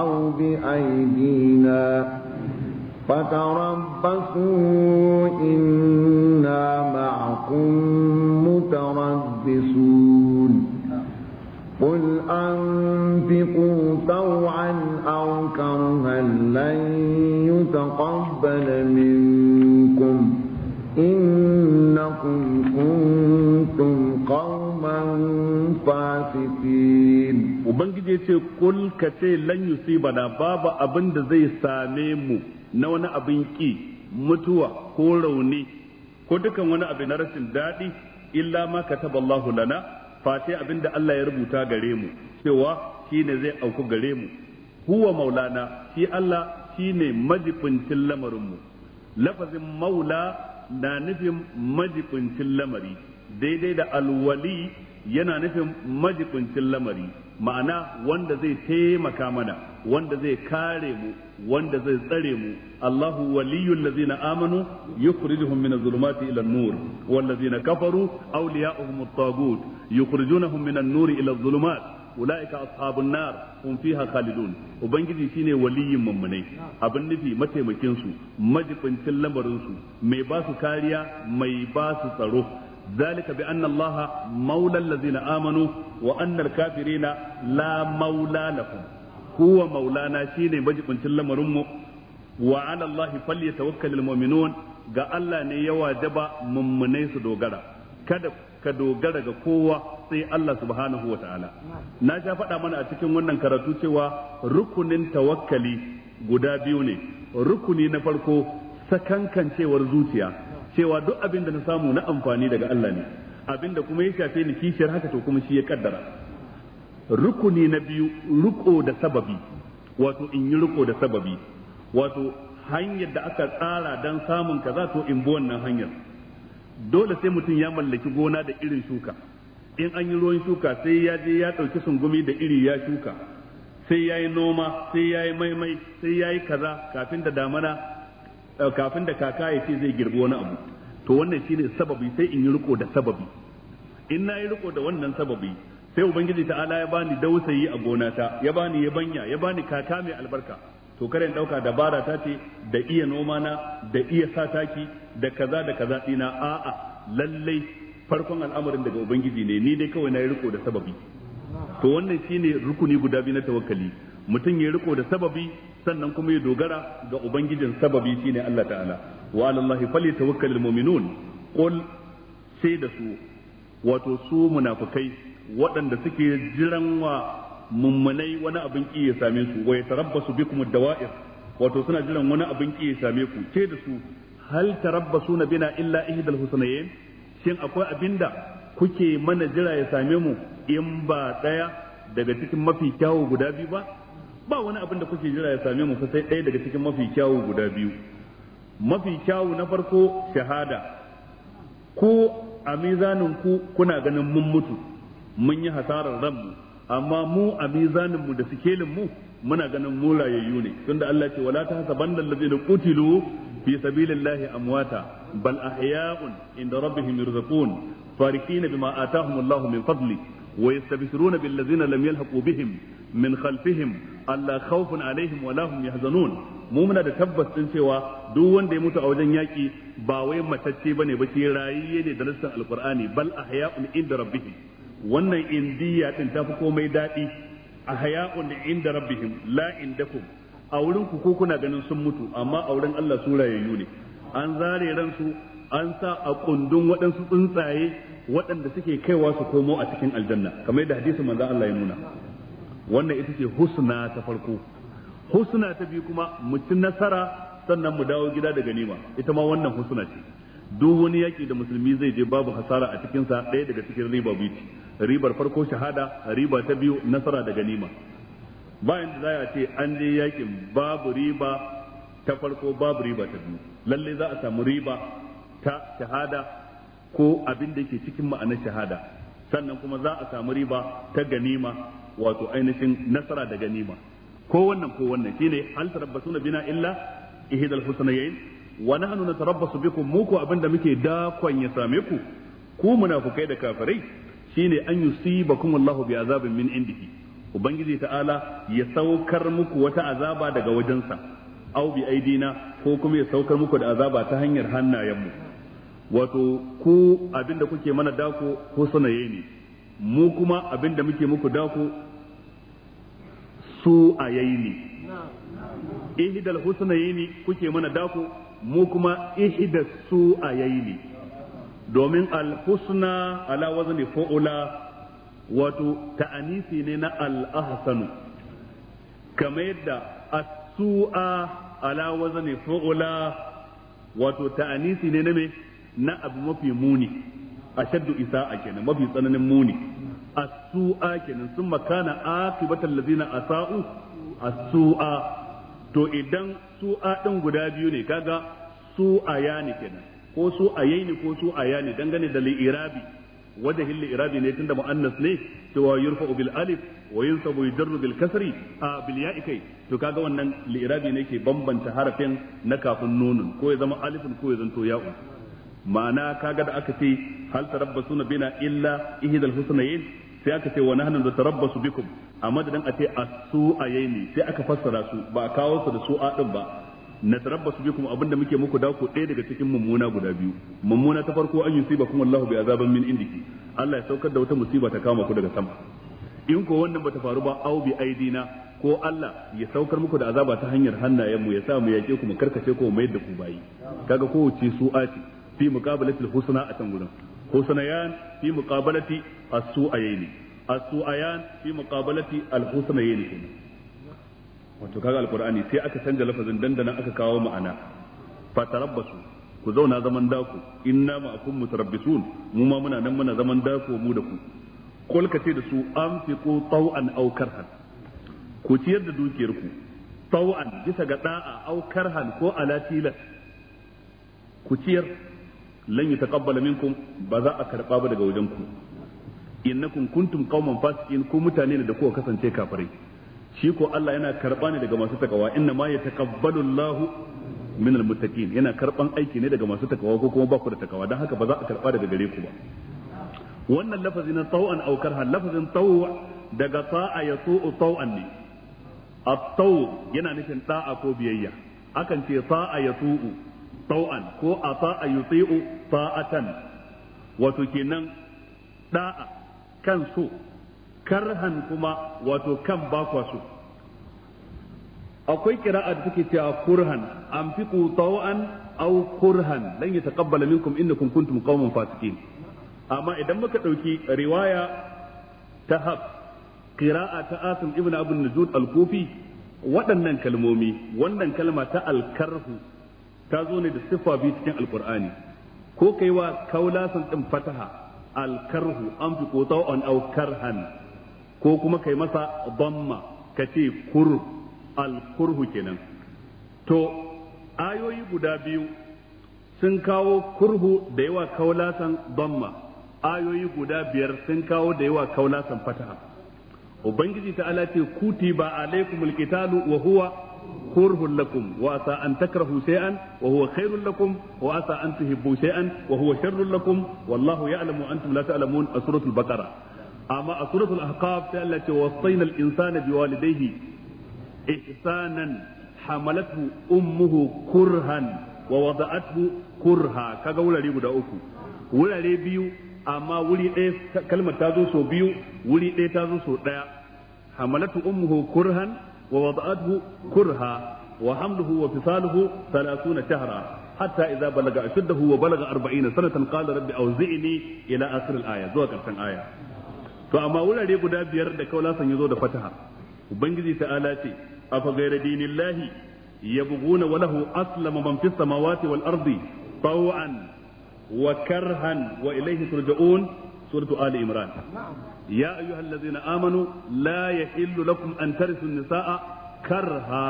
أو بأيدينا فتربصوا إنا معكم أُتِيقُوا طَوْعًا أَوْ كَرْهًا لَّن يُتَقَبَّلَ مِنكُمْ إِنَّكُمْ كُنتُمْ قَوْمًا فَاسِقِينَ Ubangiji ya ce, Kul ka ce lan babu abin da zai same mu na wani abin ƙi, mutuwa ko rauni, ko dukan wani abu na rashin daɗi, illa ma kataba Allahu lana, face abin da Allah ya rubuta gare mu, cewa shine zai auku gare mu huwa maulana shi Allah shine majibincin lamarin mu lafazin maula na nufin majibincin lamari daidai da alwali yana nufin majibincin lamari ma'ana wanda zai taimaka mana wanda zai kare mu wanda zai tsare mu Allahu waliyul ladzina amanu yukhrijuhum min adh-dhulumati ila nur wal ladzina kafaru awliya'uhum at-taghut yukhrijunahum min an-nur ila adh-dhulumat ulaika ashabun nar hum fiha khalidun ubangiji shine waliyin mummunai abin nufi mataimakin su majibincin lamarin su mai ba su kariya mai ba su tsaro ذلك بأن الله مولى الذين آمنوا وأن الكافرين لا مولى لهم هو مولانا شيني مجبن تلم رمو وعلى الله فليتوكل المؤمنون قال الله نيوا جبا ممنيس دوغرا ka dogara ga kowa sai Allah subhanahu wa ta'ala na sha faɗa mana a cikin wannan karatu cewa rukunin tawakkali guda biyu ne rukuni na farko sakankancewar zuciya cewa duk abin da na samu na amfani daga Allah ne abin da kuma ya shafe ni kishiyar haka to kuma shi ya kaddara rukuni na biyu ruko da sababi wato in yi ruko da sababi wato hanyar da aka tsara don samun kaza to in bi wannan hanyar dole sai mutum ya mallaki gona da irin shuka in an yi ruwan shuka sai ya je ya ɗauki sungumi da iri ya shuka sai ya yi noma sai ya yi maimai sai ya yi kaza kafin da damana eh, kafin da kaka ya ce zai girbi wani abu to wannan shine sababi sai in yi riko da sababi in na yi riko da wannan sababi sai ubangiji ta'ala ya bani dausayi a gonata ya bani yabanya ya bani kaka mai albarka to karen dauka dabara ta ce da iya noma na da iya sa taki da kaza da kaza dina a'a lallai farkon al'amarin daga ubangiji ne ni dai kawai na yi riko da sababi to wannan shine rukuni guda biyu na tawakkali mutum ya riko da sababi sannan kuma ya dogara ga ubangijin sababi shine Allah ta'ala wa alallahi tawakkalul mu'minun qul sai da su wato su munafikai waɗanda suke jiran wa mummunai wani abin ki ya same su wa yatarabbasu bikum dawa'ir wato suna jiran wani abin ki ya same ku ke da su hal tarabbasuna bina illa ihdal husnayn shin akwai abinda kuke mana jira ya same mu in ba daya daga cikin mafi kyawu guda biyu ba ba wani abin da kuke jira ya same mu sai ɗaya daga cikin mafi kyawu guda biyu mafi kyawu na farko shahada ko a mizanin ku kuna ganin mun mutu mun yi hasarar ranmu amma mu a mizanin mu da sikelin mu muna ganin murayayyu ne tunda Allah ce wala ta hasabanna allazina qutilu fi sabilillahi amwata bal ahya'un inda rabbihim yurzaqun farikina bima atahum Allahu min fadli wa yastabshiruna bil ladzina lam yalhaqu bihim min khalfihim alla khawfun alaihim wala hum yahzanun mu muna da tabbas din cewa duk wanda ya mutu a wajen yaki ba wai matacce bane ba shi rayayye ne da nassan alqur'ani bal ahya'un inda rabbihim wannan indiya din tafi komai daɗi a haya'un inda rabbihim la indakum a wurin ku ko kuna ganin sun mutu amma a wurin Allah su rayayyu ne an zare ransu an sa a kundun waɗansu tsuntsaye waɗanda suke kaiwa su komo a cikin aljanna kamar yadda hadisin manzo Allah ya nuna wannan ita ce husna ta farko husna ta biyu kuma mu ci nasara sannan mu dawo gida da ganima ita ma wannan husna ce duk wani yaki da musulmi zai je babu hasara a cikin sa ɗaya daga cikin riba biyu ribar farko shahada riba ta biyu nasara da ganima bayan da za a ce an je yakin babu riba ta farko babu riba ta biyu lalle za a samu riba ta shahada ko abin da ke cikin ma'anar shahada sannan kuma za a samu riba ta ganima wato ainihin nasara da ganima ko wannan ko wannan shine hal tarabbasuna bina illa ihdal husnayn wa nahnu natarabbasu bikum mu ko abinda muke dakon ya same ku ku munafukai da kafirai shine an yusibakum Allahu bi azabin min indihi ubangiji ta'ala ya saukar muku wata azaba daga wajensa au bi aidina ko kuma ya saukar muku da azaba ta hanyar hannayenmu wato ku abinda kuke mana dako ko sanaye ne mu kuma abinda muke muku dako su ayayi ne ihdal husnayni kuke mana dako mu kuma ihda su'ayaini domin al-husna ala wazni fu'ula wato ta'anisi ne na al-ahsanu kamar yadda as-su'a ala wazni fu'ula wato ta'anisi ne na me na abu mafi muni ashaddu isa'a kenan mafi tsananin muni as-su'a kenan sun makana akibatal ladina asa'u as-su'a to idan su a guda biyu ne kaga su ne kenan ko su ne, ko su ne, dangane da li'irabi wajahin li'irabi ne tunda mu'annas ne cewa yurfa bil alif wa yunsabu yujarru bil kasri a bil ya'i kai to kaga wannan li'irabi ne ke bambanta harafin na kafin nunun ko ya zama alifin ko ya zanto ya'un ma'ana kaga da aka ce hal tarabbasuna bina illa ihdal husnayn sai aka ce wa nahnu su bikum a madadin a ce as ne sai aka fassara su ba a kawo su da su'a din ba na tarabbasu bikum abinda muke muku dako ɗaya daga cikin mummuna guda biyu mummuna ta farko an yusiba kuma Allahu bi azaban min indiki Allah ya saukar da wata musiba ta kama ku daga sama in ko wannan bata faru ba au bi aidina ko Allah ya saukar muku da azaba ta hanyar hannayen mu ya sa mu yake ku mu karkace ko mai yadda ku bayi kaga kowace su'a ce fi muqabalatil husna a can gurin husnayan fi muqabalati as-su'ayaini as-su'ayan fi muqabalati al-husnayn kenan wato kaga alqur'ani sai aka canza lafazin dandana aka kawo ma'ana fa tarabbasu ku zauna zaman dako inna ma'akum mutarabbisun mu ma muna nan muna zaman dako mu da ku kul ce da su anfiqu taw'an aw karhan ku ciyar da dukiyarku ku taw'an bisa ga da'a aw karhan ko ala tilas ku ciyar lan yutaqabbala minkum ba za a karɓa ba daga wajen ku innakum kuntum qauman fasiqin ku mutane ne da kuka kasance kafirai shi ko Allah yana karba ne daga masu takawa inna ma yataqabbalu Allahu min almuttaqin yana karban aiki ne daga masu takawa ko kuma ba ku da takawa dan haka ba za a karba daga gare ku ba wannan lafazi na taw'an aw karha lafazin taw daga ta'a yatu'u taw'an ne at-taw yana nufin da'a ko biyayya akan ce ta'a yatu'u taw'an ko a ta'a yuti'u ta'atan wato kenan da'a kan so karhan kuma wato kan bakwa so akwai kira'a da take cewa kurhan anfiqu taw'an aw kurhan ya yataqabbala minkum innakum kuntum qauman fasikin amma idan muka dauki riwaya ta hab qira'a ta asim ibn abun nujud al-kufi waɗannan kalmomi wannan kalma ta al-karhu ta zo ne da siffa biyu cikin alqur'ani ko kai wa kaulasan din fataha alkarhu an fi kotau an aukarhan ko kuma kai masa bamma ka ce kur alkurhu kenan to ayoyi guda biyu sun kawo kurhu da yawa kaulasan bamma ayoyi guda biyar sun kawo da yawa kaulasan fataha ubangiji ta ce kuti ba alaikumul qitalu wa huwa kurhun lakum wa asa an takrahu shay'an wa huwa khairul lakum wa asa an tuhibbu shay'an wa huwa sharrul wallahu ya'lamu antum la ta'lamun a suratul bakara amma a suratul ahqaf ta Allah ce wasainal insana biwalidayhi ihsanan hamalathu ummuhu kurhan wa wada'athu kurha kaga wurare guda uku wurare biyu amma wuri ɗaya kalmar ta zo biyu wuri ɗaya ta zo ɗaya hamalatu ummuhu kurhan ووضعته كرها وحمله وفصاله ثلاثون شهرا حتى إذا بلغ أشده وبلغ أربعين سنة قال رب أوزعني إلى آخر الآية زوى كرسان آية فأما أولا لي قدا بير دا كولا سنيزو دا فتها وبنجزي تعالاتي أفغير دين الله يبغون وله أسلم من في السماوات والأرض طوعا وكرها وإليه ترجعون سورة آل إمران يا أيها الذين آمنوا لا يحل لكم أن ترثوا النساء كرها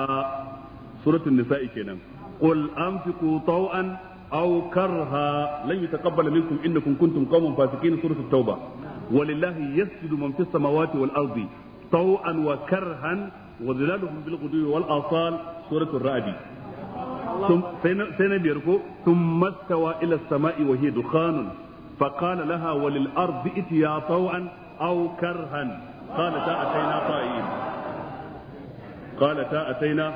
سورة النساء كنا قل أنفقوا طوعا أو كرها لن يتقبل منكم إنكم كنتم قوما فاسقين سورة التوبة ولله يسجد من في السماوات والأرض طوعا وكرها وظلالهم بالغدو والآصال سورة الرعد سنة ثم استوى إلى السماء وهي دخان فقال لها وللأرض ائتيا طوعا Aukarhan. كرها قالتا أتينا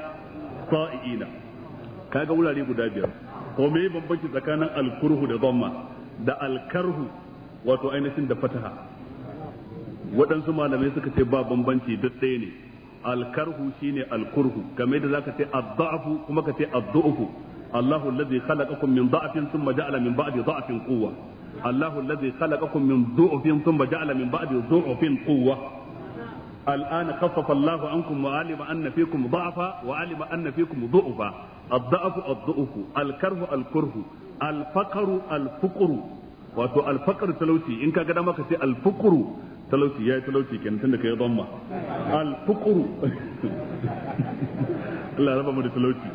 kaga wurare guda biyar to me bambanci tsakanin alkurhu da dhamma da alkarhu wato ainihin da fataha waɗansu malamai suka ce ba bambanci duk ɗaya ne alkarhu shine alkurhu game da zaka ce ad-da'fu kuma ka ce ad-du'fu Allahu allazi khalaqakum min da'fin thumma ja'ala min ba'di da'fin quwwa Allahu allazi khalaqakum min du'fin thumma ja'ala min ba'di du'fin quwwa الآن خفف الله عنكم وعلم أن فيكم ضعفا وعلم أن فيكم ضعفا الضعف الضعف الكره الكره الفقر الفقر wato alfakar talauci in ka gada maka sai alfukuru talauci ya yi talauci kenan tun da ka yi zama alfukuru Allah raba mu da talauci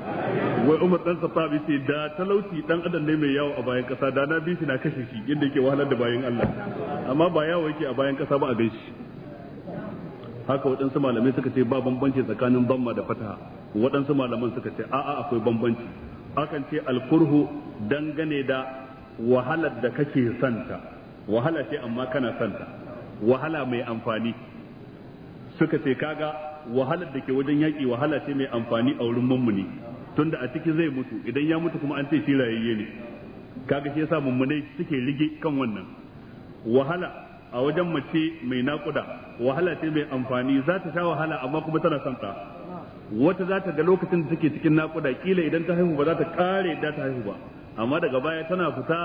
wai Umar dan Khattab sai da talauci dan adam ne mai yawo a bayan kasa da na bi na kashe shi yadda yake wahalar da bayan Allah amma ba yawo yake a bayan kasa ba a gaishe haka waɗansu malamai suka ce ba bambanci tsakanin bamma da fataha waɗansu malaman suka ce a'a akwai bambanci akan ce alkurhu dangane da wahalar da kake santa wahala ce amma kana santa wahala mai amfani suka ce kaga wahalar da ke wajen yaki wahala ce mai amfani a wurin mummuni tunda a ciki zai mutu idan ya mutu kuma an ce shi rayayye ne kaga shi yasa mummunai suke rige kan wannan wahala a wajen mace mai nakuda wahala ce mai amfani za ta sha wahala amma kuma tana son ta wata za ta ga lokacin da take cikin nakuda kila idan ta haihu ba za ta kare da ta haihu ba amma daga baya tana fita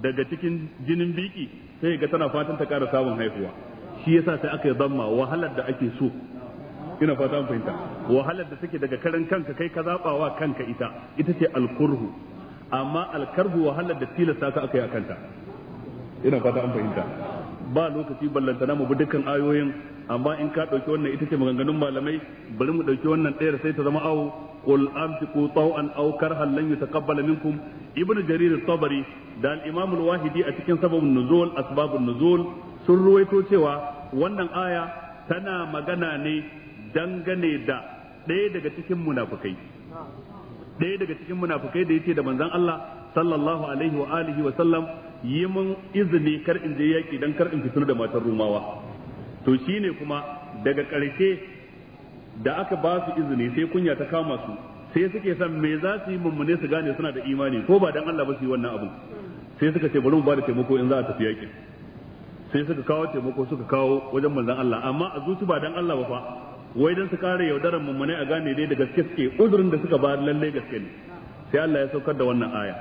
daga cikin jinin biki sai ga tana fatan ta kara samun haihuwa shi yasa sai aka yi zama wahalar da ake so ina fata an fahimta wahalar da take daga karan kanka kai ka zabawa kanka ita ita ce alkurhu amma alkarhu wahalar da tilasta ka aka yi kanta ina fata an fahimta ba lokaci ballantana mu bi dukkan ayoyin amma in ka ɗauki wannan ita ce maganganun malamai bari mu ɗauki wannan ɗaya sai ta zama awo qul amsiku taw'an aw karhan lan yutaqabbal minkum ibn jarir at-tabari da al-imam al-wahidi a cikin sababun nuzul asbabun nuzul sun ruwaito cewa wannan aya tana magana ne dangane da ɗaya daga cikin munafukai ɗaya daga cikin munafukai da yace da manzon Allah sallallahu alaihi wa alihi wa sallam yi mun izini kar in je yaki dan kar in fitar da matar rumawa to shine kuma daga ƙarshe da aka ba su izini sai kunya ta kama su sai suke san me za su yi mummune su gane suna da imani ko ba dan Allah ba su yi wannan abu. sai suka ce bari mu ba da taimako in za a tafi yaƙi sai suka kawo taimako suka kawo wajen manzon Allah amma a zuci ba dan Allah ba fa wai dan su kare yaudaran mummune a gane dai da gaske suke uzurin da suka ba lalle gaske ne sai Allah ya saukar da wannan aya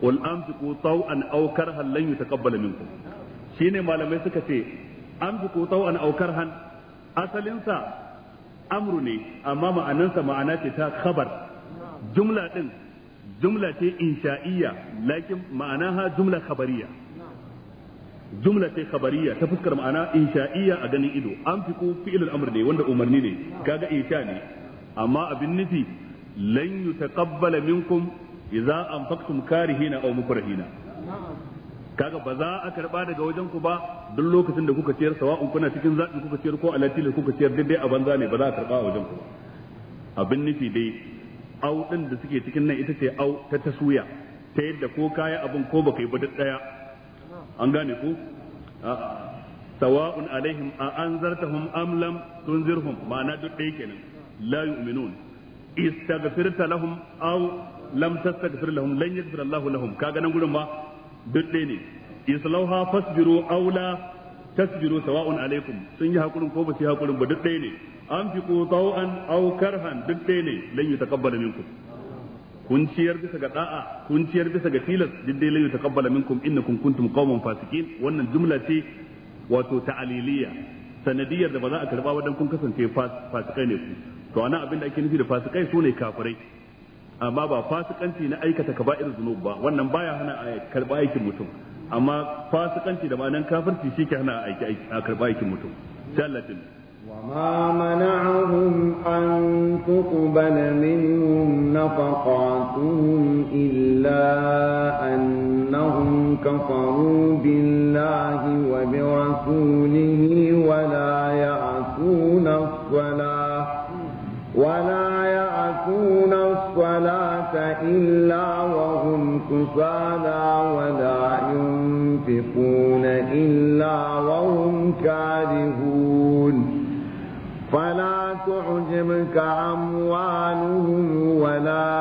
qul amsiku taw'an aw karhan lan yutaqabbal minkum shine malamai suka ce amsiku taw'an aw karhan asalin sa amru ne amma ma'anansa ma'ana ce ta khabar jumla din jumla ce insha'iyya lakin ma'ana ha jumla khabariyya jumla ce khabariya ta fuskar ma'ana insha'iyya a ganin ido an fi ko fi'il al'amr ne wanda umarni ne kaga insha ne amma abin nufi lan yutaqabbala minkum idza anfaqtum karihina aw mukrahina kaga ba za a karba daga wajen ku ba duk lokacin da kuka ciyar sawa'un kuna cikin zaɓi kuka ciyar ko alatil kuka ciyar daidai a banza ne ba za a karba a wajen ku ba abin nufi dai au din da suke cikin nan ita ce au ta tasuya ta yadda ko kaya abin ko baka yi ba duk daya an gane ku sawa'un alaihim a anzartahum am lam tunzirhum ma'ana duk ɗaya kenan la yu'minun istaghfirta lahum aw lam tastaghfir lahum lan yaghfir Allahu lahum kaga nan gurin ba duk ɗaya ne islauha fasbiru aw la tasbiru sawa'un alaikum sun yi hakurin ko ba su yi hakurin ba duk ɗaya ne an fi taw'an aw karhan duk ɗaya ne lan yutaqabbal minkum kun ciyar bisa ga da'a kun ciyar bisa ga tilas diddai lai taqabbala minkum innakum kuntum qauman fasikin wannan jumla ce wato ta'aliliya sanadiyar da ba za a karba wadan kun kasance fasikai ne ku to ana abin da ake nufi da fasikai sune ne kafirai amma ba fasikanci na aikata kaba'ir zunub ba wannan baya hana a karba aikin mutum amma fasikanci da ma'anan kafirci shi ke hana a karba aikin mutum Allah وما منعهم أن تقبل منهم نفقاتهم إلا أنهم كفروا بالله وبرسوله ولا يأتون الصلاة ولا يعصون الصلاة إلا وهم كسالى ولا ينفقون إلا وهم كافرون فلا تعجبك أموالهم ولا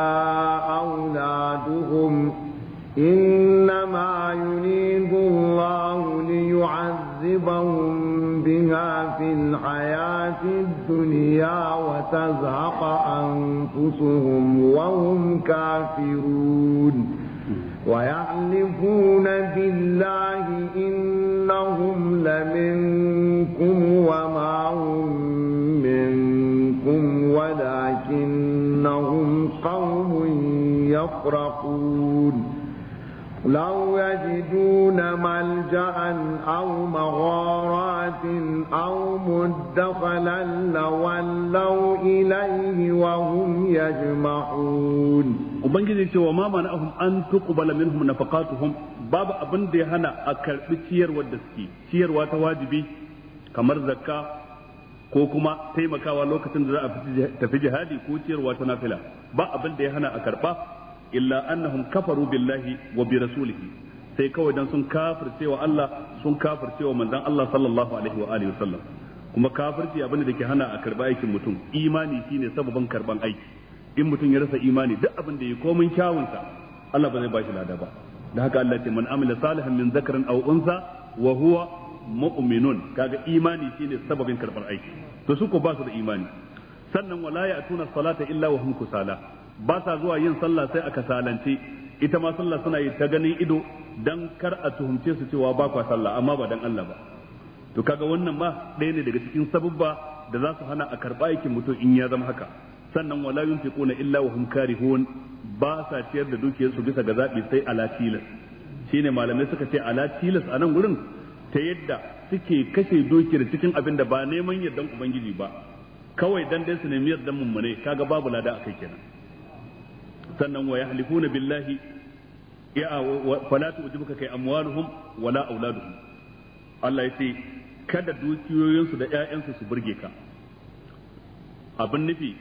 أولادهم إنما يريد الله ليعذبهم بها في الحياة الدنيا وتزهق أنفسهم وهم كافرون ويعلفون بالله إنهم لمن يخرقون لو يجدون ملجأ أو مغارات أو مدخلا لولوا إليه وهم يجمعون Ubangiji ce wa mama na ahun an tuqbala minhum nafaqatuhum babu abin da ya hana a karɓi ciyarwar da suke ciyarwa ta wajibi kamar zakka ko kuma taimakawa lokacin da za a tafi jihadi ko ciyarwa ta nafila ba abin da ya hana a karɓa illa annahum kafaru billahi wa bi rasulihi sai kawai dan sun kafirce wa Allah sun kafirce wa manzon Allah sallallahu alaihi wa alihi wasallam kuma kafirci abin da ke hana a karba aikin mutum imani shine sababin karban aiki in mutum ya rasa imani duk abin da ya komai kyawunsa Allah ba zai bashi lada ba da haka Allah ce man amila salihan min zakarin aw unsa wa huwa mu'minun kaga imani shine sababin karbar aiki to su ko ba su da imani sannan wala ya'tuna salata illa wa hum kusala ba sa zuwa yin sallah sai aka salance ita ma sallah suna yi ta ganin ido dan kar a tuhumce su cewa ba kwa sallah amma ba dan Allah ba to kaga wannan ba ɗaya ne daga cikin sababba da za su hana a karɓa yakin mutum in ya zama haka sannan wala yunfiquna illa wa hum karihun ba sa ciyar da su bisa ga zabi sai ala tilas shine malamai suka ce ala tilas a nan gurin ta yadda suke kashe dukiyar cikin abin da ba neman yardan ubangiji ba kawai dan dai su nemi yardan mummune kaga babu lada akai kenan sannan wa yahlifuna billahi ya fala tu'jibuka kai amwaluhum wala auladuhum Allah ya ce kada dukiyoyinsu da ƴaƴansu su burge ka abin nufi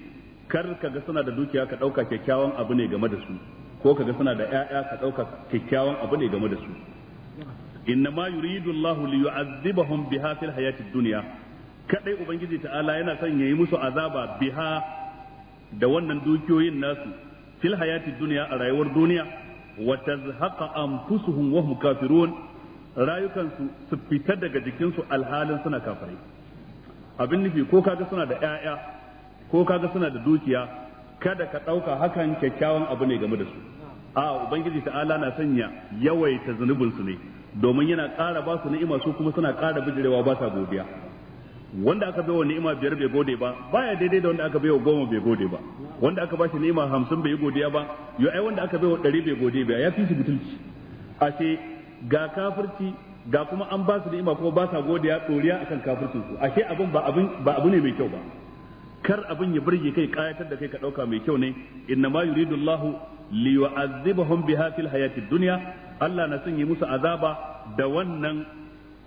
kar ka ga suna da dukiya ka ɗauka kyakkyawan abu ne game da su ko ka ga suna da ƴaƴa ka ɗauka kyakkyawan abu ne game da su inna ma yuridu Allahu li yu'azzibahum biha fil hayati dunya kadai ubangiji ta'ala yana son yayi musu azaba biha da wannan dukiyoyin nasu fil hayati dunya a rayuwar duniya wa tazhaqa anfusuhum wa hum kafirun rayukansu su fita daga jikinsu alhalin suna kafirai abin nufi ko kaga suna da 'ya'ya ko kaga suna da dukiya kada ka ɗauka hakan kyakkyawan abu ne game da su a ubangiji ta'ala na sanya yawaita zunubinsu ne domin yana ƙara ba su ni'ima su kuma suna ƙara bijirewa ba sa godiya wanda aka bai wa ni'ima biyar bai gode ba baya daidai da wanda aka bai wa goma bai gode ba wanda aka bashi ni'ima hamsin bai godiya ba yau ai wanda aka bai wa ɗari bai gode ba ya fi shi mutunci a ce ga kafirci ga kuma an ba su ni'ima kuma ba sa godiya ɗoriya akan kafircin su ashe abin ba abin ba abu ne mai kyau ba kar abin ya burge kai kayatar da kai ka ɗauka mai kyau ne inna ma yuridu Allahu li yu'azzibahum biha fil hayatid dunya Allah na sanya musu azaba da wannan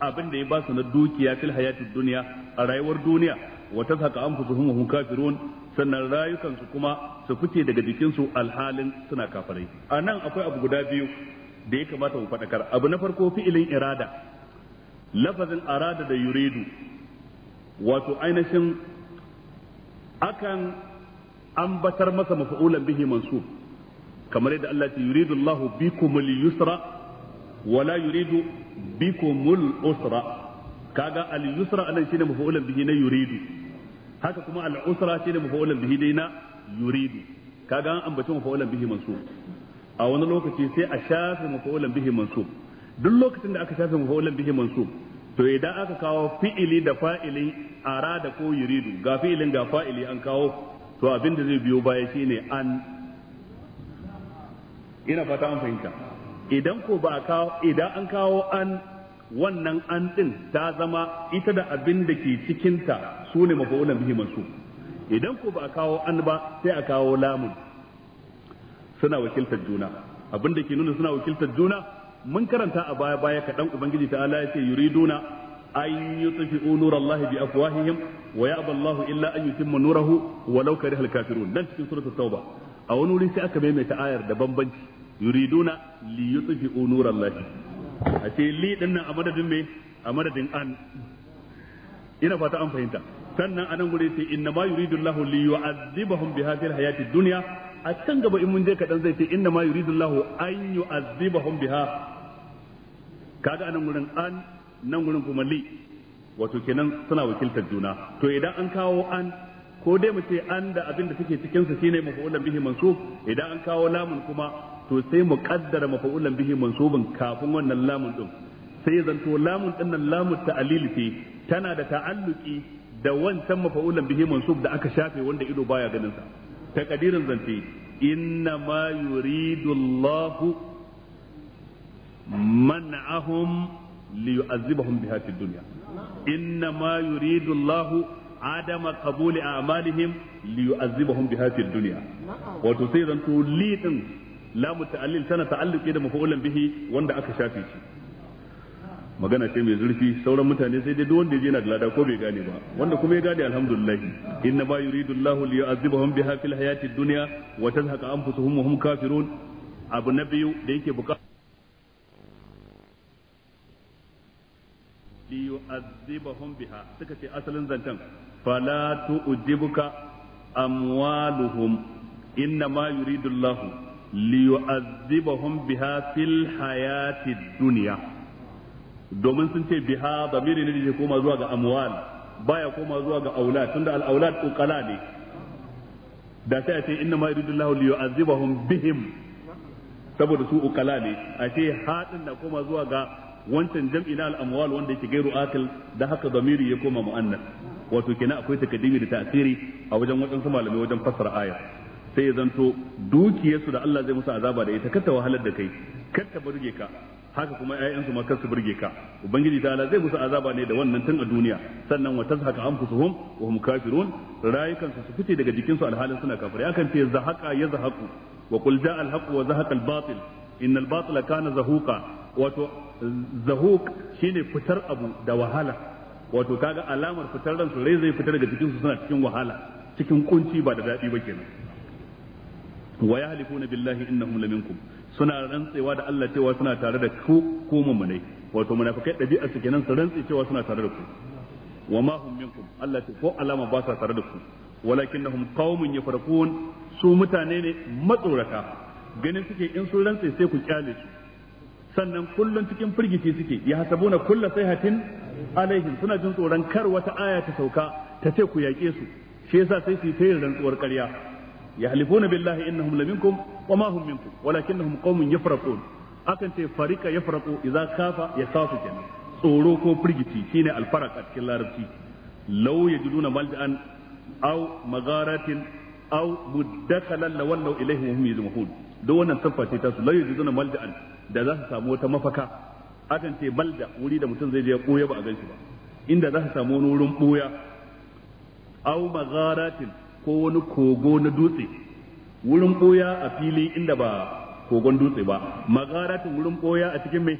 abin da ya ba su na dukiya fil hayatid dunya a rayuwar duniya wa saka anfusuhum wa hum kafirun sannan rayukansu kuma su fice daga jikin su alhalin suna kafirai anan akwai abu guda biyu da ya kamata mu fadakar abu na farko fi'ilin irada lafazin arada da yuridu wato ainihin akan ambatar masa mafa'ulan bihi mansub kamar yadda Allah ya yuridu Allahu bikumul yusra wala yuridu bikumul usra kaga al yusra anan shine mafulan bihi na yuridu haka kuma al usra shine mafulan bihi dai na yuridu kaga an ambaci mafulan bihi mansub a wani lokaci sai a shafe mafulan bihi mansub duk lokacin da aka shafe mafulan bihi mansub to idan aka kawo fi'ili da fa'ili arada ko yuridu ga fi'ilin ga fa'ili an kawo to abin da zai biyo baya shine an ina fata an fahimta idan ko ba kawo idan an kawo an wannan an din ta zama ita da abin da ke cikinta su ne mafa'ulan bihi masu idan ko ba kawo an ba sai a kawo lamun suna wakiltar juna abin da ke nuna suna wakiltar juna mun karanta a baya baya kaɗan ubangiji ta ya ce yuriduna an yutfi'u nurallahi bi afwahihim wa ya'ba Allahu illa an yutimma nurahu walau karihal kafirun nan cikin suratul tauba a wani wuri sai aka maimaita ayar da bambanci yuriduna li yutfi'u nurallahi a ce li din nan a madadin me a madadin an ina fata an fahimta sannan anan gure sai inna ma yuridu Allahu li yu'adhibahum bi hadhihi al-hayati dunya a can gaba in mun je kadan zai ce inna ma yuridu Allahu an yu'adhibahum biha kaga anan gurin an nan gurin kuma li wato kenan suna wakiltar juna to idan an kawo an ko dai mu ce an da abin da take cikin sa shine mafa'ulan bihi mansub idan an kawo lamun kuma to sai mu kaddara mafa'ulan bihi mansubin kafin wannan lamun din sai zanto lamun din nan lamun ta'lil ce tana da ta'alluki da wancan mafa'ulan bihi mansub da aka shafe wanda ido baya ganin sa takadirin zance inna ma yuridu Allahu man'ahum liyu'azzibahum biha dunya inna ma yuridu Allahu adama qabuli a'malihim li yu'azzibahum biha fid dunya wato sai zanto li din la muta'allil tana ta'alluqi da mafu'ulan bihi wanda aka shafe shi magana ce mai zurfi sauran mutane sai dai duk wanda yana da lada ko bai gane ba wanda kuma ya gane alhamdulillah inna ba yuridu Allahu li yu'azzibahum biha fil hayati dunya wa tazhaqa anfusuhum wa hum kafirun abu na biyu da yake bukata li yu'azzibahum biha suka ce asalin zantan fala tu'jibuka amwaluhum innama yuridu Allahu liyu'azzibahum biha fil hayati dunya domin sun ce biha zamiri ne da koma zuwa ga amwal baya koma zuwa ga aulad tunda al aulad uqala ne da sai a ce innama yuridu Allahu liyu'azzibahum bihim saboda su uqala ne a ce hadin da koma zuwa ga wancan jam'i na al wanda yake gairu akil da haka damiri ya koma mu'annas wato kenan akwai takaddimi da ta'siri a wajen waɗansu malamai wajen fassara aya sai ya zanto dukiyarsu da Allah zai musu azaba da ita kar ta wahalar da kai kar ta burge ka haka kuma ƴaƴansu ma kar su burge ka ubangiji ta'ala zai musu azaba ne da wannan tun a duniya sannan wa tazhaka anfusuhum wa hum kafirun rayukansu su fice daga jikinsu alhalin suna kafirai akan ce zahaka yazhaku wa qul ja'a al-haqq wa zahaqa al-batil innal batila kana zahuqa wato zahuk shine fitar abu da wahala wato kaga alamar fitar ransu rai zai fitar daga cikin su suna cikin wahala cikin kunci ba da daɗi ba kenan wa yahlifuna billahi innahum laminkum suna rantsewa da Allah cewa suna tare da ku ko mummunai wato munafikai dabi'a su kenan su rantsi cewa suna tare da ku wa ma hum minkum Allah ce ko alama ba sa tare da ku walakinnahum qaumun yafarqun su mutane ne matsorata ganin suke in sun rantse sai ku kyale su sannan kullun cikin firgici suke ya na kulla sayhatin alaihim suna jin tsoron kar wata aya ta sauka ta ce ku yaƙe su shi yasa sai su yi tayin rantsuwar ƙarya ya halifuna billahi innahum laminkum wa ma hum minkum walakinnahum qaumun yafraqun akan ce farika yafraqu idza kafa yakafu kenan tsoro ko firgici shine alfaraq a cikin larabci law yajiduna malja'an aw magharatin aw muddakhalan lawallaw ilaihim wa hum yuzmahun duk wannan siffa ce ta su la yajiduna malda'an da za su samu wata mafaka akan ce balda wuri da mutum zai je ya koya ba a ganshi ba inda za su samu wani wurin boya aw magharatin ko wani kogo na dutse wurin ɓuya a fili inda ba kogon dutse ba magharatin wurin ɓuya a cikin mai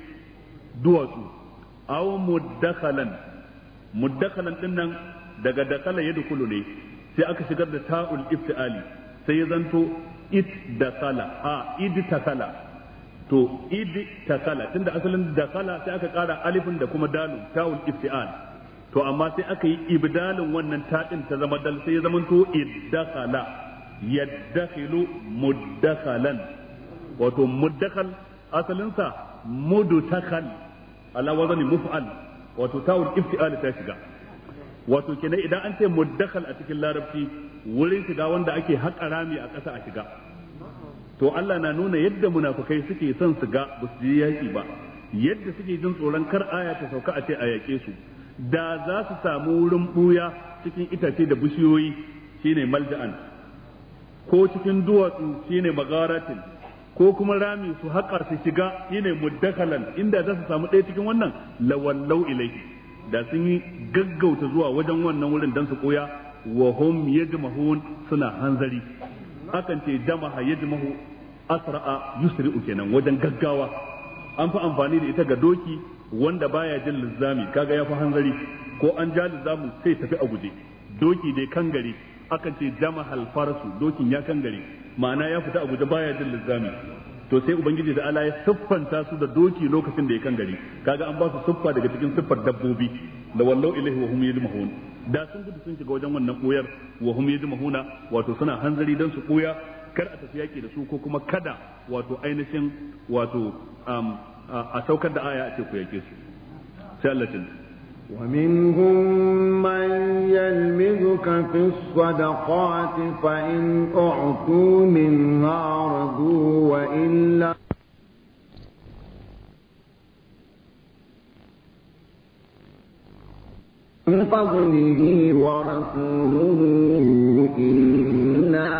duwatsu aw muddakhalan din nan daga dakala yadkhulu ne sai aka shigar da ta'ul iftiali sai ya zanto id da sala a id ta sala to id ta sala tunda asalin da sala sai aka kara alifin da kuma dalun tawul isti'an to amma sai aka yi ibdalin wannan taɗin ta zama dal sai ya zama to iddakhala yaddakhilu muddakhalan wato muddakhal asalinsa mudutakal ala wazani muf'al wato tawul ifti'al ta shiga wato kenan idan an ce muddakhal a cikin larabci wurin shiga wanda ake haƙa rami a ƙasa a shiga to Allah na nuna yadda munafukai suke son su ga ba su yi yaki ba yadda suke jin tsoron kar aya ta sauka a ce a yaƙe su da za su samu wurin buya cikin itace da bishiyoyi shine malja'an ko cikin duwatsu shine magaratin ko kuma rami su haƙa su shiga shine muddakalan inda za su samu ɗaya cikin wannan lawallau ilaihi da sun yi gaggauta zuwa wajen wannan wurin dan su koya wa hum yajmahun suna hanzari akan ce damaha yajmahu asra'a yusri'u kenan wajen gaggawa an fi amfani da ita ga doki wanda baya jin lizami kaga ya fi hanzari ko an ja lizzamin sai tafi a guje doki dai kan gari akan ce dama halfarsu dokin ya kan gari ma'ana ya fita a guje baya jin lizzami to sai ubangiji da Allah ya siffanta su da doki lokacin da ya kan gari kaga an ba su siffa daga cikin siffar dabbobi da wallau ilahi wa hum yadmahun da sun gudu sun shiga wajen wannan koyar wa hum yadmahuna wato suna hanzari dan su koya kar a tafi yaki da su ko kuma kada wato ainihin wato um, a saukar da aya a ce ku yake su sai Allah ومنهم من يلمزك في الصدقات فإن أعطوا منها رضوا وإلا من فضله ورسوله إنا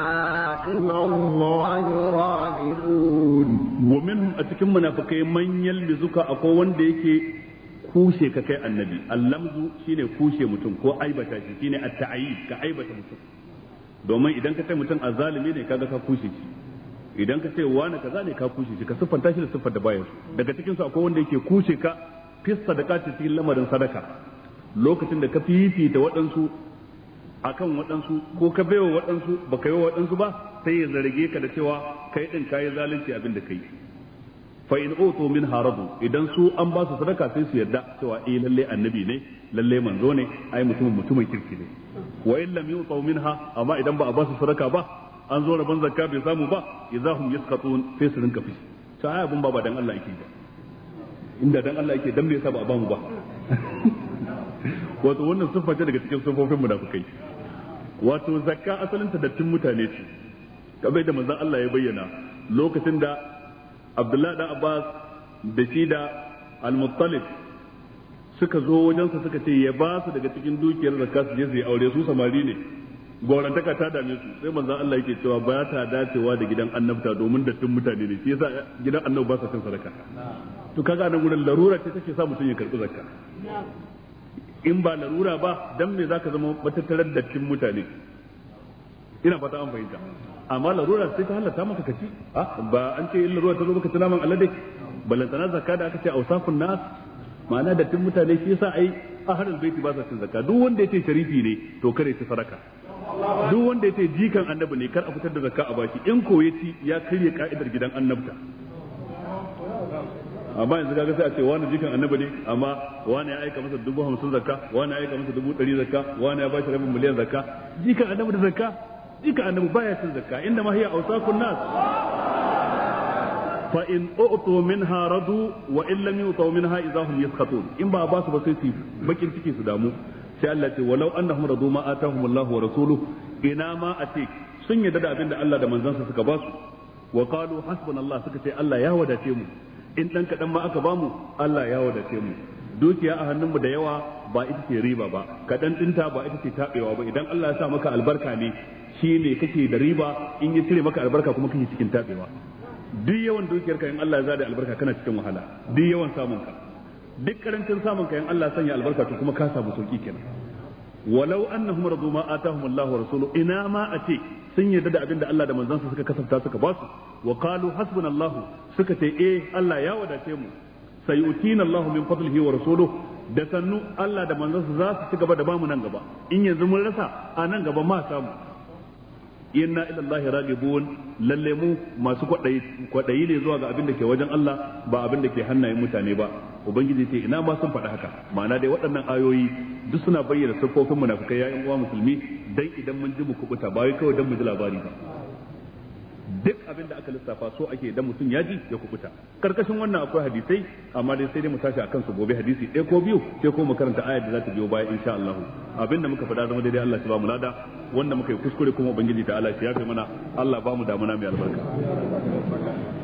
إلى الله راغبون ومنهم أتكمنا فكي من يلمزك أقوى ديكي kushe ka kai annabi allamzu shine kushe mutum ko aibata shi shine at ka aibata mutum domin idan ka kai mutum azzalimi ne kaga ka kushe shi idan ka ce wani kaza ne ka kushe shi ka siffanta shi da siffar da bayan daga cikin su akwai wanda yake kushe ka fissa da kace cikin lamarin sadaka lokacin da ka fifita waɗansu akan waɗansu ko ka baiwa waɗansu baka yi wa waɗansu ba sai ya zarge ka da cewa kai din kai zalunci abin da kai fa in utu min haradu idan su an ba su sadaka sai su yarda cewa eh lalle annabi ne lalle manzo ne ai mutum mutumin kirki ne wa in lam yutu minha amma idan ba a ba su sadaka ba an zo rabon zakka bai samu ba idahum yaskatun fi su kafi to ai abun ba ba dan Allah yake ba inda dan Allah yake dan me yasa ba a ba mu ba wato wannan siffa ce daga cikin siffofin munafikai wato zakka asalin ta dattin mutane ce kabe da manzon Allah ya bayyana lokacin da abdullahi da abbas da shi da al-muttalib suka zo wajensa suka ce ya ba su daga cikin dukiyar zakka su je su yi aure su samari ne gorantaka ta dame su sai manzo Allah yake cewa ba ta dacewa da gidan annabta domin dattin mutane ne shi yasa gidan annabi ba sa cin sadaka to kaga nan gurin larura ce take sa mutum ya karbi zakka in ba larura ba dan me zaka zama matattarar dattin mutane ina fata an fahimta amma larura sai ta halatta maka kaci ah, ba an ce in larura ta zo maka tunaman alade balantana zakka da aka ce ausafun nas ma'ana da tun mutane shi yasa ai ahlul baiti ba sa cin zakka duk wanda yace sharifi ne to kare shi saraka duk wanda yace jikan annabi ne kar a fitar da zakka a baki in ko yace ya karya ka'idar gidan annabta amma yanzu kaga sai a ce wani jikan annabi ne amma wani ya aika masa dubu hamsin zakka wani ya aika masa dubu ɗari zakka wani ya bashi rabin miliyan zakka jikan annabi da zakka duka annabi baya cin zakka inda ma hiya awsaqun nas fa in u'tu minha radu wa in lam yu'tu minha idahum yaskhatun in ba ba su ba sai su bakin ciki su damu sai Allah ce walau annahum radu ma atahum Allah wa rasuluhu ina ma ate sun yarda da abin da Allah da manzansa suka ba su wa qalu hasbunallah suka ce Allah ya wadace mu in dan kadan ma aka bamu Allah ya wadace mu dukiya a hannunmu da yawa ba ita ce riba ba kaɗan ɗinta ba ita ce taɓewa ba idan Allah ya sa maka albarka ne shi ne kake da riba in ya cire maka albarka kuma kake cikin taɓewa duk yawan dukiyarka in Allah ya zada albarka kana cikin wahala duk yawan ka duk karancin samunka in Allah sanya albarka to kuma ka samu sauki kenan walau annahum radu ma atahum Allahu rasuluhu ina ma a ce sun yarda da abin da Allah da manzansa suka kasafta suka ba su wa qalu hasbunallahu suka ce eh Allah ya wadace mu sayutina Allahu min fadlihi wa da sannu Allah da manzon za su ci gaba da bamu nan gaba in yanzu mun rasa a nan gaba ma samu inna ila Allah raghibun lalle mu masu kwadayi kwadayi ne zuwa ga abin da ke wajen Allah ba abin da ke hannayen mutane ba ubangiji ce ina ma sun faɗi haka ma'ana dai waɗannan ayoyi duk suna bayyana siffofin munafikai yayin uwa musulmi dan idan mun ji mu kubuta ba wai kawai dan mu ji labari ba duk abin da aka lissafa so ake da mutum ya ji ya kubuta karkashin wannan akwai hadisai amma dai sai dai mu tashi akan su gobe hadisi ɗaya ko biyu sai ko mu karanta ayar da za ta biyo baya insha Allah abin da muka faɗa zama daidai Allah ya ba mu lada wanda muka yi kuskure kuma ubangiji ta Allah shi ya yafe mana Allah ba mu damuna mai albarka